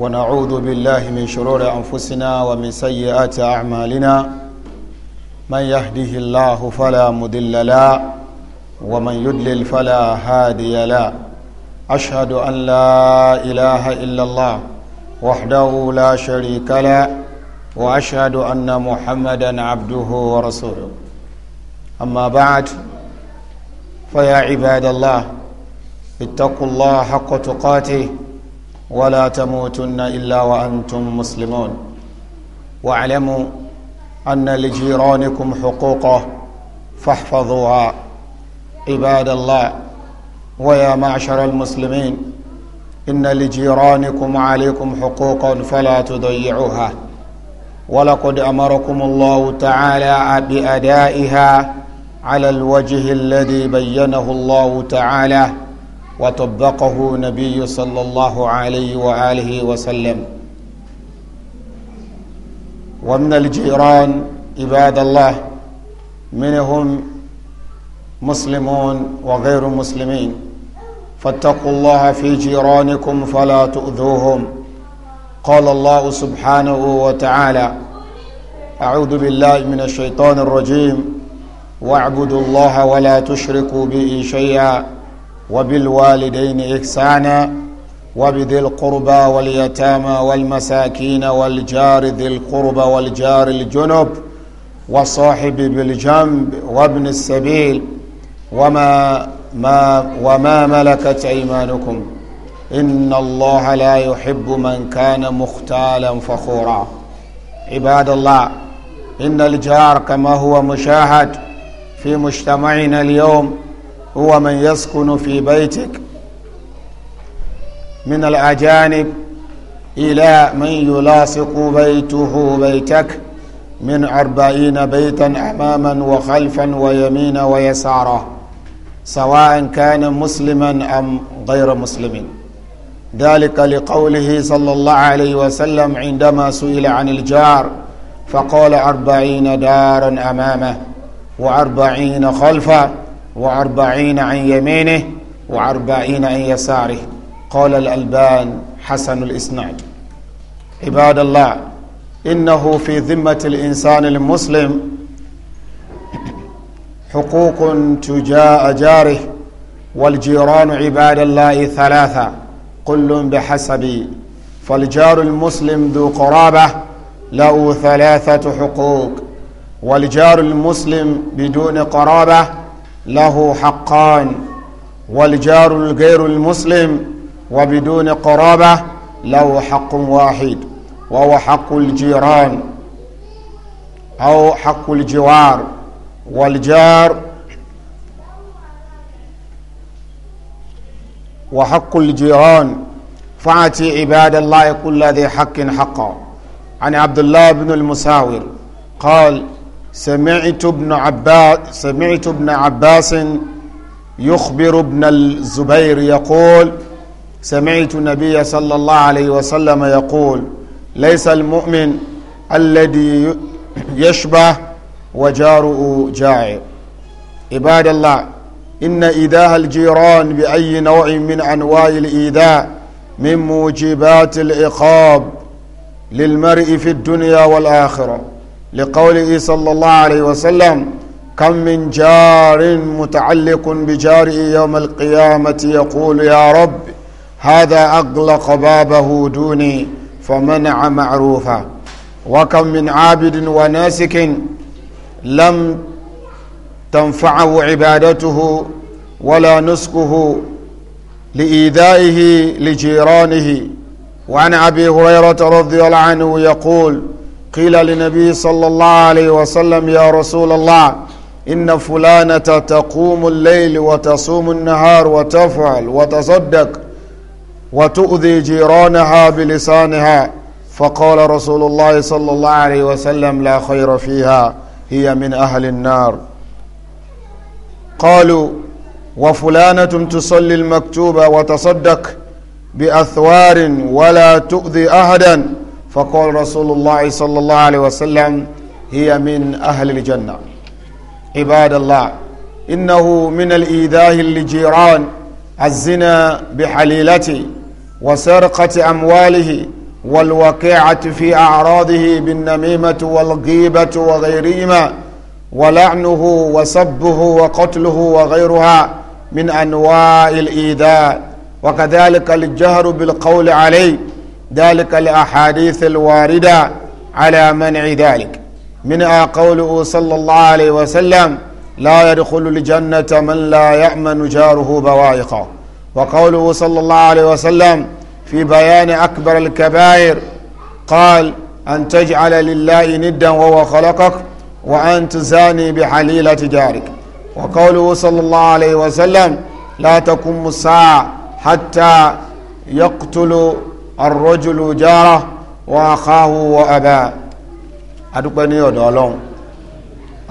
ونعوذ بالله من شرور أنفسنا ومن سيئات أعمالنا من يهده الله فلا مضل له ومن يدلل فلا هادي له أشهد أن لا إله إلا الله وحده لا شريك له وأشهد أن محمدا عبده ورسوله أما بعد فيا عباد الله اتقوا الله حق تقاته ولا تموتن إلا وأنتم مسلمون واعلموا أن لجيرانكم حقوقه فاحفظوها عباد الله ويا معشر المسلمين إن لجيرانكم عليكم حقوقا فلا تضيعوها ولقد أمركم الله تعالى بأدائها على الوجه الذي بينه الله تعالى وطبقه نبي صلى الله عليه وآله وسلم ومن الجيران عباد الله منهم مسلمون وغير مسلمين فاتقوا الله في جيرانكم فلا تؤذوهم قال الله سبحانه وتعالى أعوذ بالله من الشيطان الرجيم واعبدوا الله ولا تشركوا به شيئا وبالوالدين إحسانا وبذي القربى واليتامى والمساكين والجار ذي القربى والجار الجنب وصاحب بالجنب وابن السبيل وما ما وما ملكت أيمانكم إن الله لا يحب من كان مختالا فخورا عباد الله إن الجار كما هو مشاهد في مجتمعنا اليوم هو من يسكن في بيتك من الأجانب إلى من يلاصق بيته بيتك من أربعين بيتا أماما وخلفا ويمينا ويسارا سواء كان مسلما أم غير مسلم ذلك لقوله صلى الله عليه وسلم عندما سئل عن الجار فقال أربعين دارا أمامه وأربعين خلفه وأربعين عن يمينه وأربعين عن يساره قال الألبان حسن الإسناد عباد الله إنه في ذمة الإنسان المسلم حقوق تجاء جاره والجيران عباد الله ثلاثة كل بحسب فالجار المسلم ذو قرابة له ثلاثة حقوق والجار المسلم بدون قرابة له حقان والجار الغير المسلم وبدون قرابة له حق واحد وهو حق الجيران أو حق الجوار والجار وحق الجيران فأتي عباد الله كل ذي حق حقا عن عبد الله بن المساور قال سمعت ابن عباس سمعت ابن عباس يخبر ابن الزبير يقول سمعت النبي صلى الله عليه وسلم يقول ليس المؤمن الذي يشبه وجاره جائع عباد الله إن إيذاء الجيران بأي نوع من أنواع الإيذاء من موجبات العقاب للمرء في الدنيا والآخرة لقوله صلى الله عليه وسلم كم من جار متعلق بجاره يوم القيامة يقول يا رب هذا أغلق بابه دوني فمنع معروفا وكم من عابد وناسك لم تنفعه عبادته ولا نسكه لإيذائه لجيرانه وعن أبي هريرة رضي الله عنه يقول قيل للنبي صلى الله عليه وسلم يا رسول الله إن فلانة تقوم الليل وتصوم النهار وتفعل وتصدق وتؤذي جيرانها بلسانها فقال رسول الله صلى الله عليه وسلم لا خير فيها هي من أهل النار قالوا وفلانة تصلي المكتوبة وتصدق بأثوار ولا تؤذي أحدا فقال رسول الله صلى الله عليه وسلم هي من أهل الجنة عباد الله إنه من الإيذاء للجيران الزنا بحليلته وسرقة أمواله والوقعة في أعراضه بالنميمة والغيبة وغيرهما ولعنه وسبه وقتله وغيرها من أنواع الإيذاء وكذلك الجهر بالقول عليه ذلك الأحاديث الواردة على منع ذلك منها قوله صلى الله عليه وسلم لا يدخل الجنة من لا يأمن جاره بوائقه وقوله صلى الله عليه وسلم في بيان أكبر الكبائر قال أن تجعل لله ندا وهو خلقك وأن تزاني بحليلة جارك وقوله صلى الله عليه وسلم لا تقوم الساعة حتى يقتل arrojulu jara wa akahu wa aba adúpẹ́ ní ọ̀dọ̀ ọlọ́run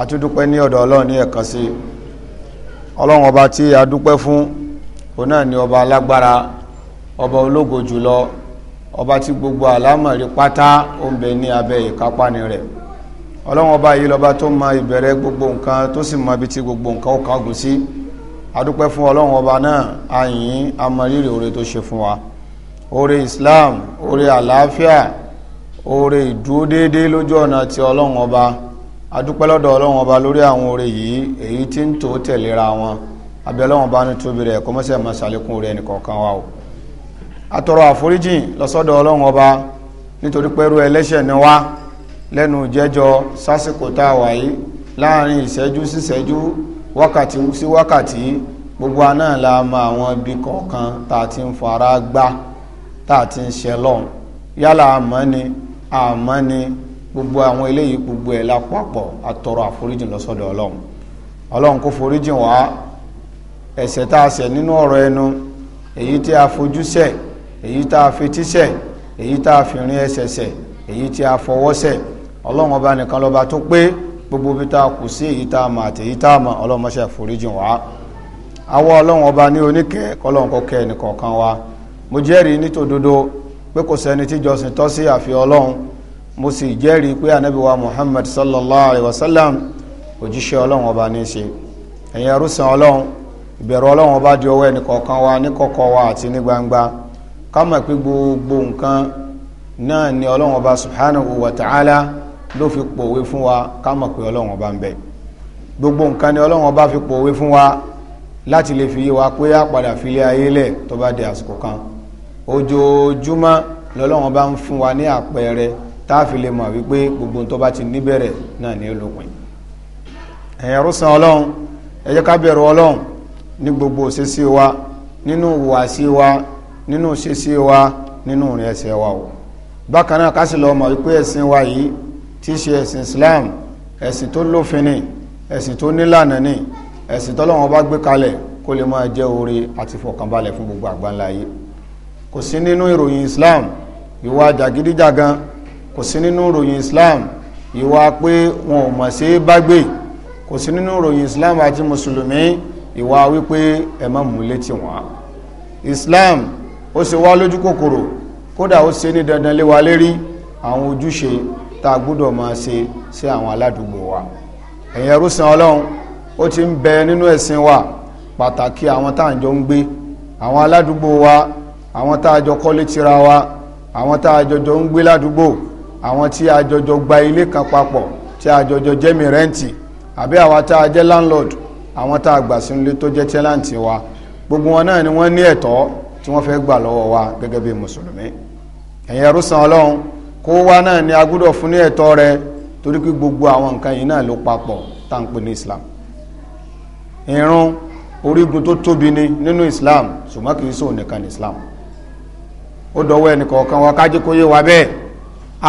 atúdúpẹ́ ní ọ̀dọ̀ ọlọ́run ní ẹ̀kan sí ọlọ́run ọba tí adúpẹ́ fún òun náà ni ọba alágbára ọba ológo jùlọ ọba tí gbogbo àlámọ̀rí pátá ó ń bẹ ní abẹ́ ìkápáni rẹ̀ ọlọ́run ọba yìí lọ́ba tó mọ ìbẹ̀rẹ̀ gbogbo nǹkan tó sì mọ ibi tí gbogbo nǹkan ó kángun sí adúpẹ́ fún ọlọ́run ọba náà àyìn amọ̀rírì oore tó ṣe fún wa oore islam oore àlàáfíà oore ìdúró déédéé lójú ọ̀nà ti ọlọ́run ọba adúpẹ́ lọ́dọ̀ ọlọ́run ọba lórí àwọn oore yìí èyí tí ń tó tẹ̀léra wọn abẹ́ ọlọ́run ọba ní tóbi rẹ̀ kọ́mọ́sẹ̀ máa ṣàlékún oore ẹnìkọ̀ọ̀kan wa o atọrọ àforíjìn lọ́sọ́dọ̀ ọlọ́run ọba nítorí pẹ́rú ẹlẹ́ṣẹ̀ ni wá lẹ́nu jẹ́jọ sásìkò tá a wà láàrin ìṣẹ́jú síṣẹ́jú wákàtí sí wákàtí gbogbo aná la mọ àwọn ibi kọ̀ọ̀kan tá a ti ń fara gbá tá a ti ń ṣe lọ́hùn yálà àmọ́ ni àmọ́ ni gbogbo àwọn eléyìí gbogbo ẹ̀ lápapọ̀ àtọrọ àforíjì lọ́sọ̀dọ̀ ọlọ́run ọlọ́run kó foríjì wá ẹ̀ṣẹ̀ tá a ṣẹ̀ nínú ọ̀rọ̀ ẹnu èyí tí a fojú ṣẹ̀ èyí tá a fetí ṣẹ̀ èyí tá a fi rin ẹsẹ̀ ṣẹ̀ èyí tí a fọwọ́ ṣẹ̀ ọlọ́run ọba nìkan lọ́ba tó pé gbogbo bí tá kù sí èyí tá a mọ̀ àti èyí tá a mọ̀ ọlọ́run mọ́ṣẹ́ foríjì wá awọ́ ọlọ́run ọba ní oníkẹ́ kọ́lọ́run kọ́kẹ́ ẹnìkọ̀ọ̀kan wa mo jẹ́rìí nítòdodo pé kò sẹ́ni tí jọ́sìn tọ́ sí àfi ọlọ́run mo sì jẹ́rìí pé ànábì muhammad sallallahu alayhi wa sallam òjíṣẹ́ ọlọ́run ọba ní í ṣe ẹ̀yin arúsàn ọlọ́run ìbẹ̀rù ọlọ́run ọba di ọwọ́ ẹnìkọ̀ọ̀kan wa níkọ̀kọ̀ wa àti ní gbangba ká mọ̀ pé gbogbo nǹkan náà ni ọlọ́run ọba subhanahu wa ta'ala ló fi pòwe fún wa ká mọ̀ pé ọlọ́run ọba ń bẹ gbogbo nǹkan ni ọlọ́run ọba fi pòwe fún wa láti lè fi yé wa pé á padà fi ilé ayé lẹ̀ tó bá di àsìkò kan ojoojúmọ́ lọ́lọ́run bá ń fún wa ní àpẹẹrẹ tá a fi lè mọ̀ wípé gbogbo tó bá ti níbẹ̀rẹ̀ náà ní olópin ẹ̀yàn rúsan ọlọ́run ẹ jẹ́ ká bẹ̀rù ọlọ́run ní gbogbo òṣèṣe wa nínú ìhùwàsí wa nínú òṣèṣe wa nínú ìrìn ẹsẹ̀ wa o bákan náà ká sì lọ mọ̀ wípé ẹ̀sìn wa yìí tí ṣe ẹ̀sìn Islam ẹ̀sìn tó lófin ni ẹ̀sìn tó nílànà ni ẹ̀sìn tọ́lọ́run bá gbé kalẹ̀ kó lè máa jẹ́ oore àti fọkànbalẹ̀ fún gbogbo àgbáńlá yìí kò sí nínú ìròyìn Islam ìwà jàgídíjàgan kò sí nínú ìròyìn Islam ìwà pé wọn ò mọ̀ sí bágbé kò sí nínú ìròyìn Islam àti mùsùlùmí ìwà wípé ẹ má mú létí wọn Islam ó ṣe wá lójú kòkòrò kódà ó ṣe ní dandan lé wa lérí àwọn ojúṣe tá a gbọ́dọ̀ máa ṣe sí àwọn aládùúgbò wa ẹ̀yin ẹrúsìn Ọlọ́run ó ti ń bẹ nínú ẹ̀sìn wa pàtàkì àwọn tá à ń jọ ń gbé àwọn aládùúgbò wa àwọn tá a jọ kọ́lé tira wa àwọn tá a jọjọ ń gbé ládùúgbò àwọn tí a jọjọ gba ilé kan papọ̀ tí a jọjọ jẹ́mi rẹ́ǹtì àbí àwa tá a jẹ́ landlord àwọn tá a gbà sínú tó jẹ́ tẹ́láǹtì wa gbogbo wọn náà ni wọ́n ní ẹ̀tọ́ tí wọ́n fẹ́ gbà lọ́wọ́ wa gẹ́gẹ́ bí mùsùlùmí ẹ̀yin ẹrúsàn ọlọ́run kó wá náà ni a gbọ́dọ̀ fún ní ẹ̀tọ́ rẹ torí pé gbogbo àwọn nǹkan yìí náà ló papọ̀ tá à ń pè ní Islam ìrun orígun tó tóbi ni nínú Islam ṣùgbọ́n kì í sóun nìkan ní Islam ó dọwọ́ ẹnì kọ̀ọ̀kan wa kájí kó yé wa bẹ́ẹ̀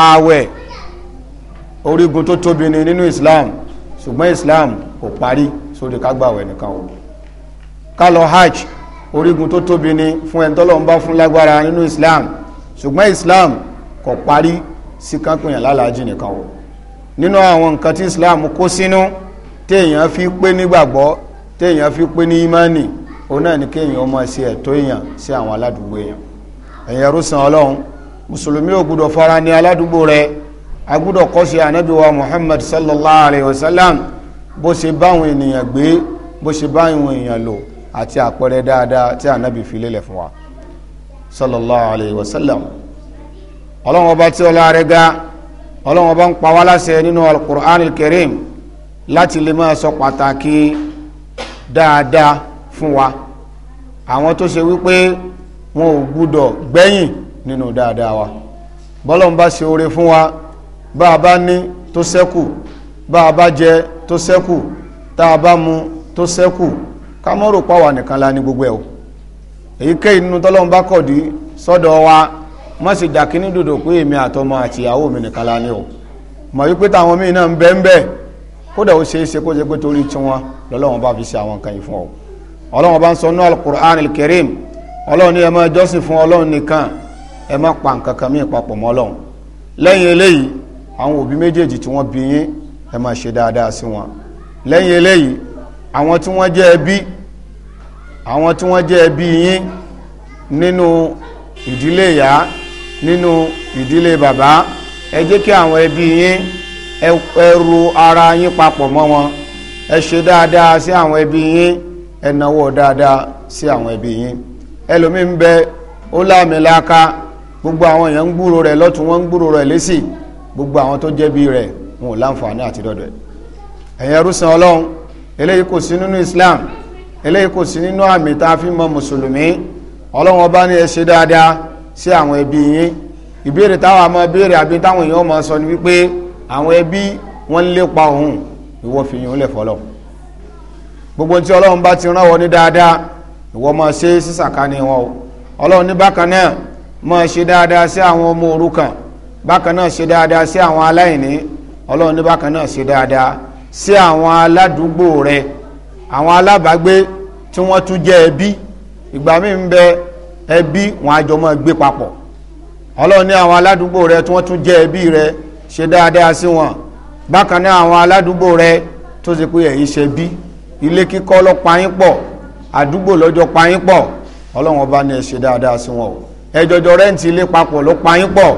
ààwẹ̀ orígun tó tóbi ni nínú Islam ṣùgbọ́n Islam kò parí sórí kágbàwẹ̀ nìkan o ká lọ hajj orígun tó tóbi ni fún ẹni tọ́lọ́run bá fún lágbára nínú Islam ṣùgbọ́n Islam kò parí sí kápẹ́yàn lálàájì nìkan o nínú àwọn nǹkan tí Islam kó sínú téèyàn fi pé nígbàgbọ́ téèyàn fi pé ní ìmánì òun náà ni kéèyàn máa ṣe ẹ̀tọ́ èèyàn sí àwọn aládùúgbò èèyàn ẹ̀yin ẹrú san ọlọ́run mùsùlùmí ò gbúdọ̀ fara ní aládùúgbò rẹ̀ a gbúdọ̀ kọ́ṣe muhammad sallallahu alayhi wa sallam bó ṣe báwọn ènìyàn gbé bó ṣe báwọn èèyàn lò àti àpẹẹrẹ dáadáa tí ànábì fi lélẹ̀ fún wa sallallahu alayhi wa sallam ọlọ́run ọba tí ọlá rẹ̀ ga ọlọ́run ọba ń pa wá láṣẹ nínú alukur'an alkarim láti lè máa sọ pàtàkì dáadáa fún wa àwọn tó ṣe wípé wọn ò gbúdọ̀ gbẹ́yìn nínú dáadáa wa bọ́lọ́n bá ṣe oore fún wa bá a bá ní tó ṣẹ́kù bá a bá jẹ tó ṣẹ́kù tá a bá mu tó ṣẹ́kù ká mọ́ rò pàwà nìkan la ní gbogbo ẹ̀ o èyíkéyìí nínú tọ́lọ́n bá kọ̀dí sọ́dọ̀ wa má sì dà kíní dòdò pé èmi àtọmọ àti ìyàwó mi nìkan la ní o mọ̀ wípé táwọn míì náà ń bẹ́ ń bẹ́ẹ̀ kódà ó ṣeé ṣe kó jẹ́ pé torí tiwọn lọ́lọ́wọ́n bá fi ṣe àwọn kan yìí fún ọ ọlọ́wọ́n bá ń sọ nú alukur'an alkarim ọlọ́run ní ẹ máa jọ́sìn fún ọlọ́run nìkan ẹ má pa nǹkan kan míì papọ̀ mọ́ ọlọ́run lẹ́yìn eléyìí àwọn òbí méjèèjì tí wọ́n bí yín ẹ máa ṣe dáadáa sí wọn lẹ́yìn eléyìí àwọn tí wọ́n jẹ́ ẹbí àwọn tí wọ́n jẹ́ ẹbí yín nínú ìdílé ìyá nínú ìdílé bàbá ẹ jẹ́ kí àwọn ẹbí yín ẹ ru ara yín papọ̀ mọ́ wọn ẹ ṣe dáadáa sí àwọn ẹbí yín ẹ náwó dáadáa sí àwọn ẹbí yín ẹlòmí ń bẹ ó láàmìlaka gbogbo àwọn èèyàn ń gbúrò rẹ̀ lọ́tún wọ́n ń gbúrò rẹ̀ lésì gbogbo àwọn tó jẹ́bi rẹ̀ wọn ò láǹfààní àti dọ́dọ̀ ẹ̀yin ẹrúsìn ọlọ́run eléyìí kò sí nínú Islam eléyìí kò sí nínú àmì tá a fi mọ mùsùlùmí ọlọ́run ọba ní ẹ ṣe dáadáa sí àwọn ẹbí yín ìbéèrè táwọn àmọ́ béèrè àbí táwọn èèyàn máa sọ ni wípé àwọn ẹbí wọ́n lépa òun ìwọ fi yín lẹ̀ fọlọ́ gbogbo tí ọlọ́run bá ti rán wọ ní dáadáa ìwọ máa ṣe sísàkánì wọn o ọlọ́run ní bákan náà máa ṣe dáadáa sí àwọn ọmọ òrukàn bákan náà ṣe dáadáa sí àwọn aláìní ọlọ́run ní bákan náà ṣe dáadáa sí àwọn aládùúgbò rẹ àwọn alábàágbé tí wọ́n tún jẹ́ ẹbí ìgbà míì ń bẹ ẹbí wọn àjọ máa gbé papọ̀ ọlọ́run ní àwọn aládùúgbò rẹ tí wọ́n tún jẹ́ ẹbí rẹ ṣe dáadáa sí wọn bákan náà àwọn aládùúgbò rẹ tó ṣe pé ẹ̀yin ṣe bí ilé kíkọ́ lọ́pàá yín pọ̀ àdúgbò lọ́jọ́ payín pọ̀ ọlọ́run ọba ní ẹ ṣe dáadáa sí wọn o ẹ jọjọ rẹ́ǹtì ilé papọ̀ ló payín pọ̀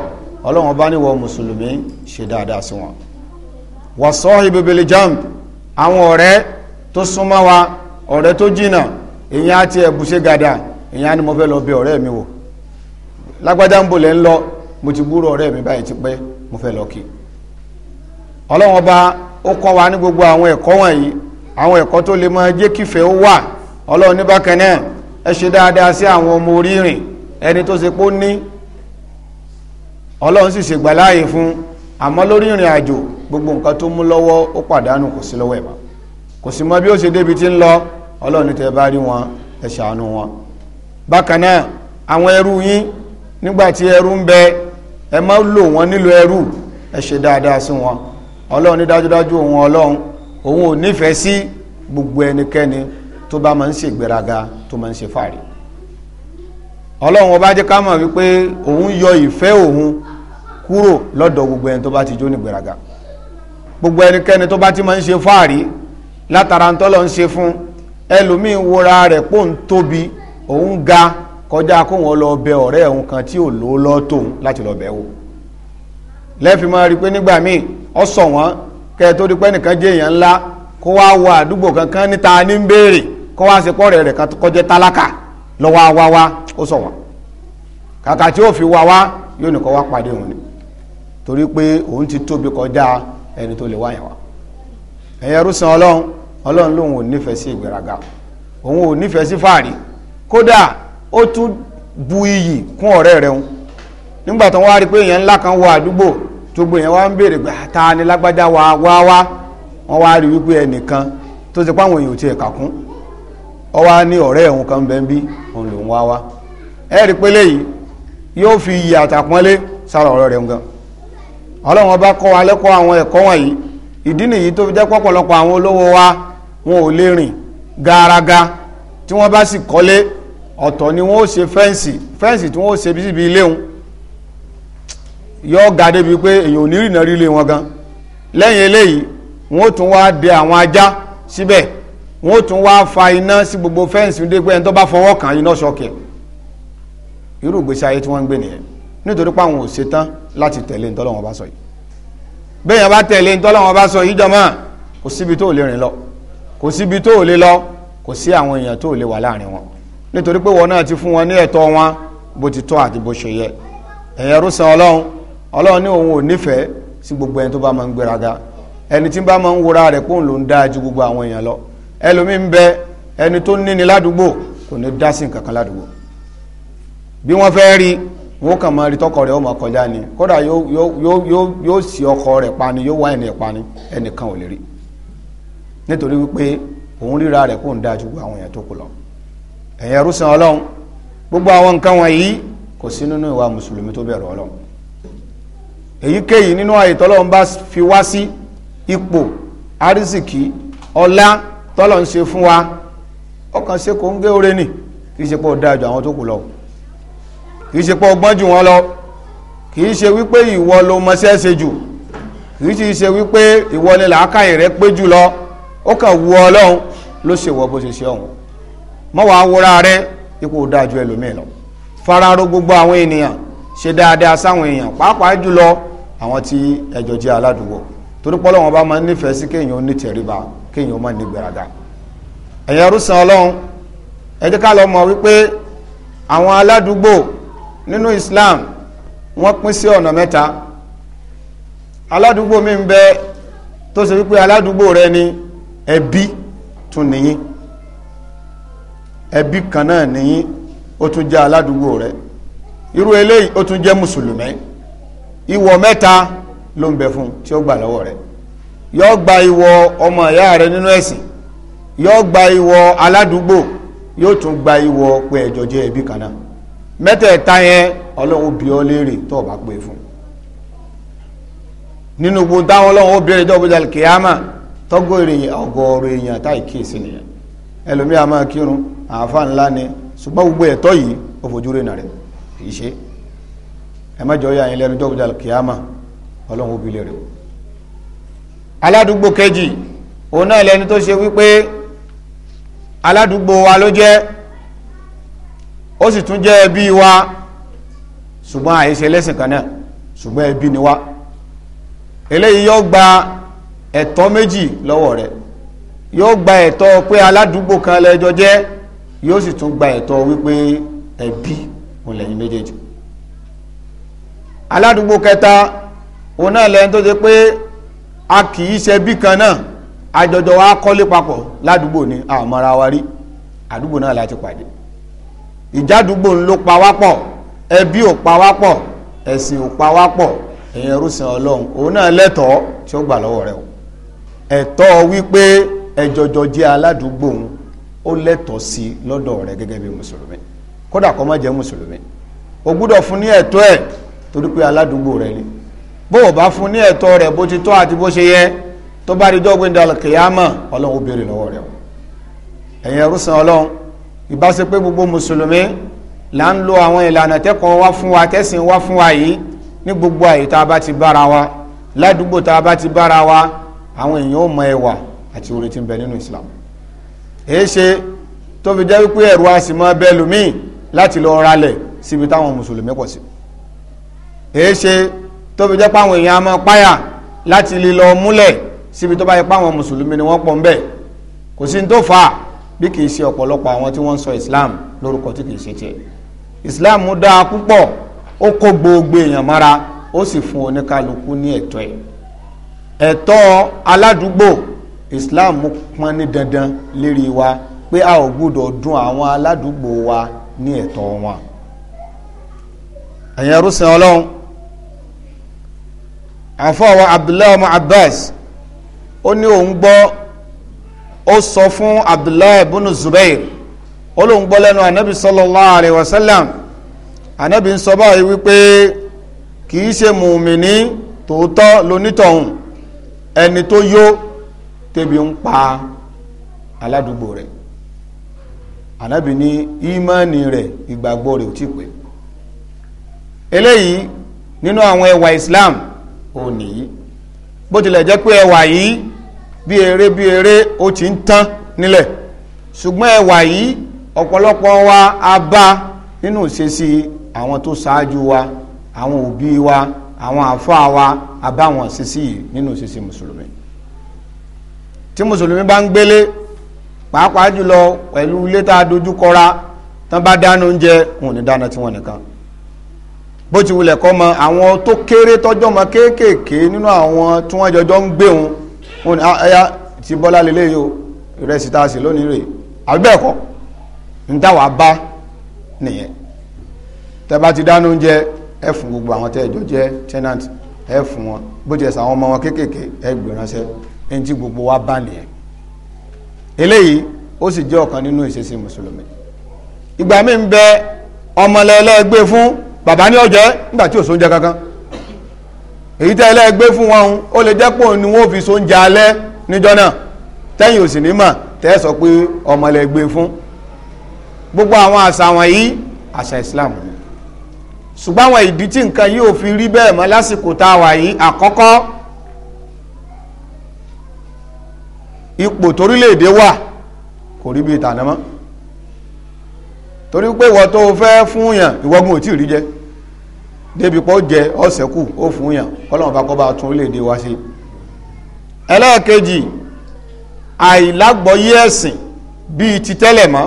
ọlọ́run ọba ní wọ mùsùlùmí ṣe dáadáa sí wọn. wàsọ́ ibèbèlè jump àwọn ọ̀rẹ́ tó súnmọ́ wa ọ̀rẹ́ tó jìnnà èyàn àti ẹ̀bùṣe gàdà èyàn ni mo fẹ́ lọ bẹ̀ ọ̀rẹ́ mi wò lágbájá ń bolẹ̀ ń lọ mo ti gbúrò ọ̀rẹ́ mi báyìí ti pẹ́ mo fẹ́ lọ kí ọlọ́run ọba ó kọ́ wa ní gbogbo àwọn ẹ̀kọ́ wọ̀nyí àwọn ẹ̀kọ́ tó lè máa jẹ́ kífẹ̀ẹ́ ó wà ọlọ́run ní bákan náà ẹ ṣe dáadáa sí àwọn ọmọ orírìn ẹni tó ṣe pó ní ọlọ́run sì ṣègbà láàyè fún àmọ́ lórí ìrìn àjò gbogbo nǹkan tó mú lọ́wọ́ ó pàdánù kò sí lọ́wọ́ ẹ̀bà kò sì mọ bí ó ṣe débi tí ń lọ ọlọ́run ní tẹ́ bá rí wọn ẹ ṣàánú wọn bákan náà àwọn ẹrú yín nígbà tí ẹrú ń bẹ ẹ má lò wọ́n nílò ẹrú ẹ ṣe dáadáa sí wọn ọlọ́run ní dájúdájú òun ọlọ́run òun ò nífẹ̀ẹ́ sí gbogbo ẹnikẹ́ni tó bá máa ń ṣe ìgbéraga tó máa ń ṣe fàárí ọlọ́run ọba jẹ́ ká mọ̀ wípé òun yọ ìfẹ́ òun kúrò lọ́dọ̀ gbogbo ẹni tó bá ti jó ní ìgbéraga gbogbo ẹnikẹ́ni tó bá ti máa ń ṣe fàárí látara ń tọ́lọ́ ń ṣe fún ẹlòmíín wora rẹ̀ pò ń tóbi òun ga kọjá kóun lọ bẹ ọ̀rẹ́ òun kan tí ò lówó lọ́tòun láti lọ bẹ̀ wò lẹ́ẹ̀fì máa rí i pé nígbà míì ọ sọ wọ́n kẹ́ẹ̀ tó rí pé nìkan jẹ́ èèyàn ńlá kó wá wọ àdúgbò kankan níta ní ń béèrè kọ́ wá ṣe pọ́ọ̀rẹ́ rẹ̀ kọjá tálákà lọ́wọ́ wá wá ó sọ wọn kàkà tí ó fi wá wá yóò ní kọ́ wá pàdé òun ni torí pé ti tóbi kọjá ẹni tó lè wá yẹn wá ẹ̀yẹ rúsan ọlọ́run ọlọ́run lòun ò nífẹ̀ẹ́ sí ìgbéraga òun ò kódà ó tún bu iyì kún ọ̀rẹ́ rẹ̀ òun nígbà tó wá rí pé kan wọ àdúgbò ọ wá ní ọ̀rẹ́ ẹ̀hún kan bẹ́ẹ̀ bí òun lòún wá wá ẹ rí pé léyìí yóò fi iyì àtàpọ́nlé sára ọ̀rọ̀ rẹ̀ gan ọlọ́run ọba kọ́ wa lẹ́kọ́ àwọn ẹ̀kọ́ wọ̀nyí ìdí nìyí tó fi jẹ́ pọ̀pọ̀lọpọ̀ àwọn olówó wa wọn ò lè rìn gàràgà tí wọ́n bá sì kọ́lé ọ̀tọ̀ ni wọ́n ó ṣe fẹ́ǹsì fẹ́ǹsì tí wọ́n ó ṣe síbi ilé yọ ga débi pé èèyàn ò ní rìnà rí ilé wọn gan lẹ́yìn eléyìí wọ́n ó tún wá de àwọn ajá síbẹ̀ wọn ó tún wá fa iná sí gbogbo fẹ́ǹsì dé pé ẹni tó bá fọwọ́ kàn iná ṣọ́ọ̀kì irú ìgbésí ayé tí wọ́n ń gbé nìyẹn nítorí pé àwọn ò ṣetán láti tẹ̀lé ní tọ́lọ́wọ́n bá sọ yìí bẹ́ẹ̀ bá tẹ̀lé ní tọ́lọ́wọ́n bá sọ yìí jọmọ́ kò síbi tó lè rìn lọ kò síbi tó lè lọ kò sí àwọn èèyàn tó lè wà láàrin wọn nítorí pé wọn náà ti fún wọn ní ẹ̀tọ́ wọn bó ti tọ́ àti bó ṣe yẹ ẹ̀yẹ rúsan ọlọ́run ọlọ́run ní òun ò nífẹ̀ẹ́ sí gbogbo ẹni tó bá máa ń gbéraga ẹni tí bá máa ń wúra rẹ̀ pé ló ń dáa ju gbogbo àwọn èèyàn lọ ẹlòmí ń bẹ ẹni tó ní ni ládùúgbò kò ní dá sí nǹkan kan ládùúgbò bí wọ́n fẹ́ rí wọ́n kàn máa rí tọkọ rẹ̀ ó kọjá ni kódà yóò sí ọkọ rẹ̀ pani yóò wá ẹni pani ẹnìkan ò lè rí nítorí wípé òun ríra rẹ̀ kò ń dáa ju àwọn èèyàn tó kù lọ ẹ̀yin ẹrúsàn ọlọ́run gbogbo àwọn nǹkan wọ̀nyí kò sí nínú ìwà mùsùlùmí tó bẹ̀rù ọlọ́run èyíkéyìí nínú àyètọ́lọ́run bá fi wá sí ipò àrísìkí ọlá tọ́lọ̀ ń ṣe fún wa ọkàn ṣe kò ń gé oore nì kì í ṣe pé ó dáa ju àwọn tó kù lọ kì í ṣe pé ó gbọ́n jù wọ́n lọ kì se ṣe wípé ìwọ ló mọṣẹ́ ṣe jù kì í ṣe wípé ìwọ ni làákàyè rẹ pé jù lọ ó kàn wu ọlọ́run ló ṣe wọ bó ṣe ṣe ọ̀hún mọ́ wàá wúra rẹ ipò ó ẹlòmíì lọ fararo gbogbo àwọn ènìyàn ṣe dáadáa sáwọn èèyàn pàápàá jùlọ àwọn tí ẹjọ jẹ aládùúgbò torí pé Ọlọ́run bá máa ń sí kéèyàn ó ní tẹríba kéèyàn má ní gbéraga ẹ̀yin ọ̀rùsàn ọlọ́run ẹ jẹ́ ká lọ mọ̀ wípé àwọn aládùúgbò nínú Islam wọ́n pín sí ọ̀nà mẹ́ta aládùúgbò mi ń bẹ tó ṣe wípé aládùúgbò rẹ ni ẹbí tún nìyí ẹbí kan náà nìyí ó tún jẹ́ aládùúgbò rẹ irú eléyìí ó tún jẹ́ mùsùlùmí ìwọ̀ mẹ́ta ló ń bẹ fún tí ó gbà lọ́wọ́ rẹ̀ yóò gba iwọ ọmọ ìyá rẹ nínú ẹ̀sìn yóò gba iwọ aládùúgbò yóò tún gba iwọ pé ẹjọ jẹ ẹbí kan náà mẹ́tẹ̀ẹ̀ta yẹn Ọlọ́run bí ọ léèrè tó o bá pè fún nínú gbogbo táwọn Ọlọ́run ó tó o bójú alikiyama tọgbọ èèyàn ọgọ́rùn èèyàn táì kíyèsí nìyẹn máa kírun àáfà ńlá ni ṣùgbọ́n gbogbo ẹ̀tọ́ yìí ó fojú aládùúgbò kejì òun náà lẹni tó ṣe wípé aládùúgbò wa ló jẹ́ ó sì tún jẹ́ ẹbí wa ṣùgbọ́n àìṣe lẹ́sìn kan náà ṣùgbọ́n ẹbí ni wa eléyìí yóò gba ẹ̀tọ́ méjì lọ́wọ́ rẹ̀ yóò gba ẹ̀tọ́ pé aládùúgbò kan lẹ́jọ jẹ́ yóò sì tún gba ẹ̀tọ́ wípé ẹbí òun lẹ́yìn méjèèjì aládùúgbò kẹta òun náà lẹ́yìn tó ṣe pé a kì í ṣe bí kan náà àjọjọ wa kọ́lé papọ̀ ládùúgbò ni àmọ́ra wa rí àdúgbò náà láti pàdé ìjádùúgbò ń ló pa ẹbí ò pa ẹ̀sìn ò pa òun náà lẹ́tọ̀ọ́ tí o ẹ̀tọ́ wípé jẹ́ aládùúgbò òun ó lẹ́tọ̀ọ́ sí lọ́dọ̀ o gbúdọ̀ fún ní ẹ̀tọ́ ẹ̀ torí pé aládùúgbò bó o bá fún ní ẹ̀tọ́ rẹ̀ bó ti tọ́ àti bó ṣe yẹ tó bá di dọ́gbìn dalẹ̀ kìyàmọ̀ ọlọ́run ó béèrè lọ́wọ́ rẹ̀ ẹ̀yin ẹrúsàn ọlọ́run ìbáṣepẹ́ gbogbo mùsùlùmí là ń lo àwọn ìlànà tẹ́kọ̀ọ́ wá fún wa tẹ́sìn wá fún wa yìí ní gbogbo àyè tá a bá ti bára wa ládùúgbò tá a bá ti bára wa àwọn èèyàn ó mọ ẹwà àti orin tí ń bẹ nínú Islam èé ṣe tó fi jẹ́ wípé ẹ̀rù a sì mọ bẹ́ẹ̀ lómìn láti lọ ralẹ̀ síbi táwọn mùsùlùmí pọ̀ sí èé ṣe tó fi jẹ́ pé àwọn èèyàn á máa páyà láti lè lọ múlẹ̀ síbi tó bá yẹ pé mùsùlùmí ni wọ́n pọ̀ ńbẹ̀ kò sí tó fà á bí kì ṣe ọ̀pọ̀lọpọ̀ àwọn tí wọ́n ń sọ Islam lórúkọ tí kì í ṣe tiẹ̀ Islam dáa púpọ̀ ó kó gbogbo èèyàn mára ó sì fún oníkálukú ní ẹ̀tọ́ ẹ̀ ẹ̀tọ́ aládùúgbò Islam pọn ní dandan lérí wa pé a ò gbúdọ̀ dún àwọn aládùúgbò wa ní ẹ̀tọ́ wọn ẹ̀yẹn rúṣin Ọlọ́run àfọwọ́ abdullahi ọmọ abbas ó ní òun gbọ́ ó sọ fún abdullahi ibn zubair ó lóun gbọ́ lẹ́nu anabi sallallahu alayhi wa sallam anabi ń sọ báyìí wípé kì í ṣe mùmíní tòótọ́ lonítọ̀hún ẹni tó yó tẹ̀bi ń pa aládùúgbò rẹ̀ anabi ní ìmánì rẹ̀ ìgbàgbọ́ rẹ̀ ò tí eléyìí islam ò nìyí bó tilẹ̀ jẹ́ pé ẹwà yìí bí eré bí eré ó ti ń tán nílẹ̀ ṣùgbọ́n ẹwà yìí ọ̀pọ̀lọpọ̀ wa a bá nínú ìṣesí àwọn tó ṣáájú wa àwọn òbí wa àwọn àfáà wa a bá wọn ìṣesí yìí nínú ìṣesí mùsùlùmí tí mùsùlùmí bá ń gbélé pàápàá jùlọ pẹ̀lú ilé tá a dojú kọra tán bá dáná oúnjẹ òun ní dáná tí wọ́n nìkan bó ti wulẹ̀ kọ́ mọ àwọn tó kéré tọ́jọ́ mọ kéékèèké nínú àwọn tí wọ́n jọjọ́ ń gbé wọn wọn ni ah, ẹyà ti bọ́lá lélẹ̀ yìí o ìrẹsì tá a sì lónìí rè àbí bẹ́ẹ̀ kọ́ ń táwa bá nìyẹn tẹ bá ti dáná oúnjẹ ẹ fún gbogbo àwọn tẹ ẹjọ jẹ tenant ẹ fún wọn bó ti ẹsẹ̀ àwọn ọmọ wọn kéékèèké ẹ gbé ránṣẹ́ ẹni tí gbogbo wa bá nìyẹn eléyìí ó sì jẹ́ ọ̀kan nínú ìṣesí mùsùlùmí ìgbà mi ń bẹ ọmọlẹ́lẹ́ fún bàbá ní ọjẹ́ nígbà tí ò kankan èyí tẹ́ ẹlẹ́ gbé fún wọn ó lè dẹ́pọ̀ ni wọ́n fi sóúnjẹ alẹ́ níjọ́ náà tẹ́yìn ò sì ní mà tẹ́ sọ pé ọmọ lè gbé fún gbogbo àwọn àṣà wọn yìí àṣà Islam ṣùgbọ́n àwọn ìdí tí nǹkan yìí ò fi rí bẹ́ẹ̀ mọ́ lásìkò tá a wà yìí àkọ́kọ́ ipò torílẹ̀-èdè wà kò rí bí ìtànà torí pé ìwọ tó fẹ́ fún yàn ìwọ́gun ò tí ì rí jẹ débi pọ́ jẹ ọ̀sẹ̀ kù ó fún yàn ọlọ́run bá kọ́ bá tún orílẹ̀-èdè wa ṣe ẹlẹ́ẹ̀kejì àìlágbọ́yé ẹ̀sìn bíi ti tẹ́lẹ̀ mọ́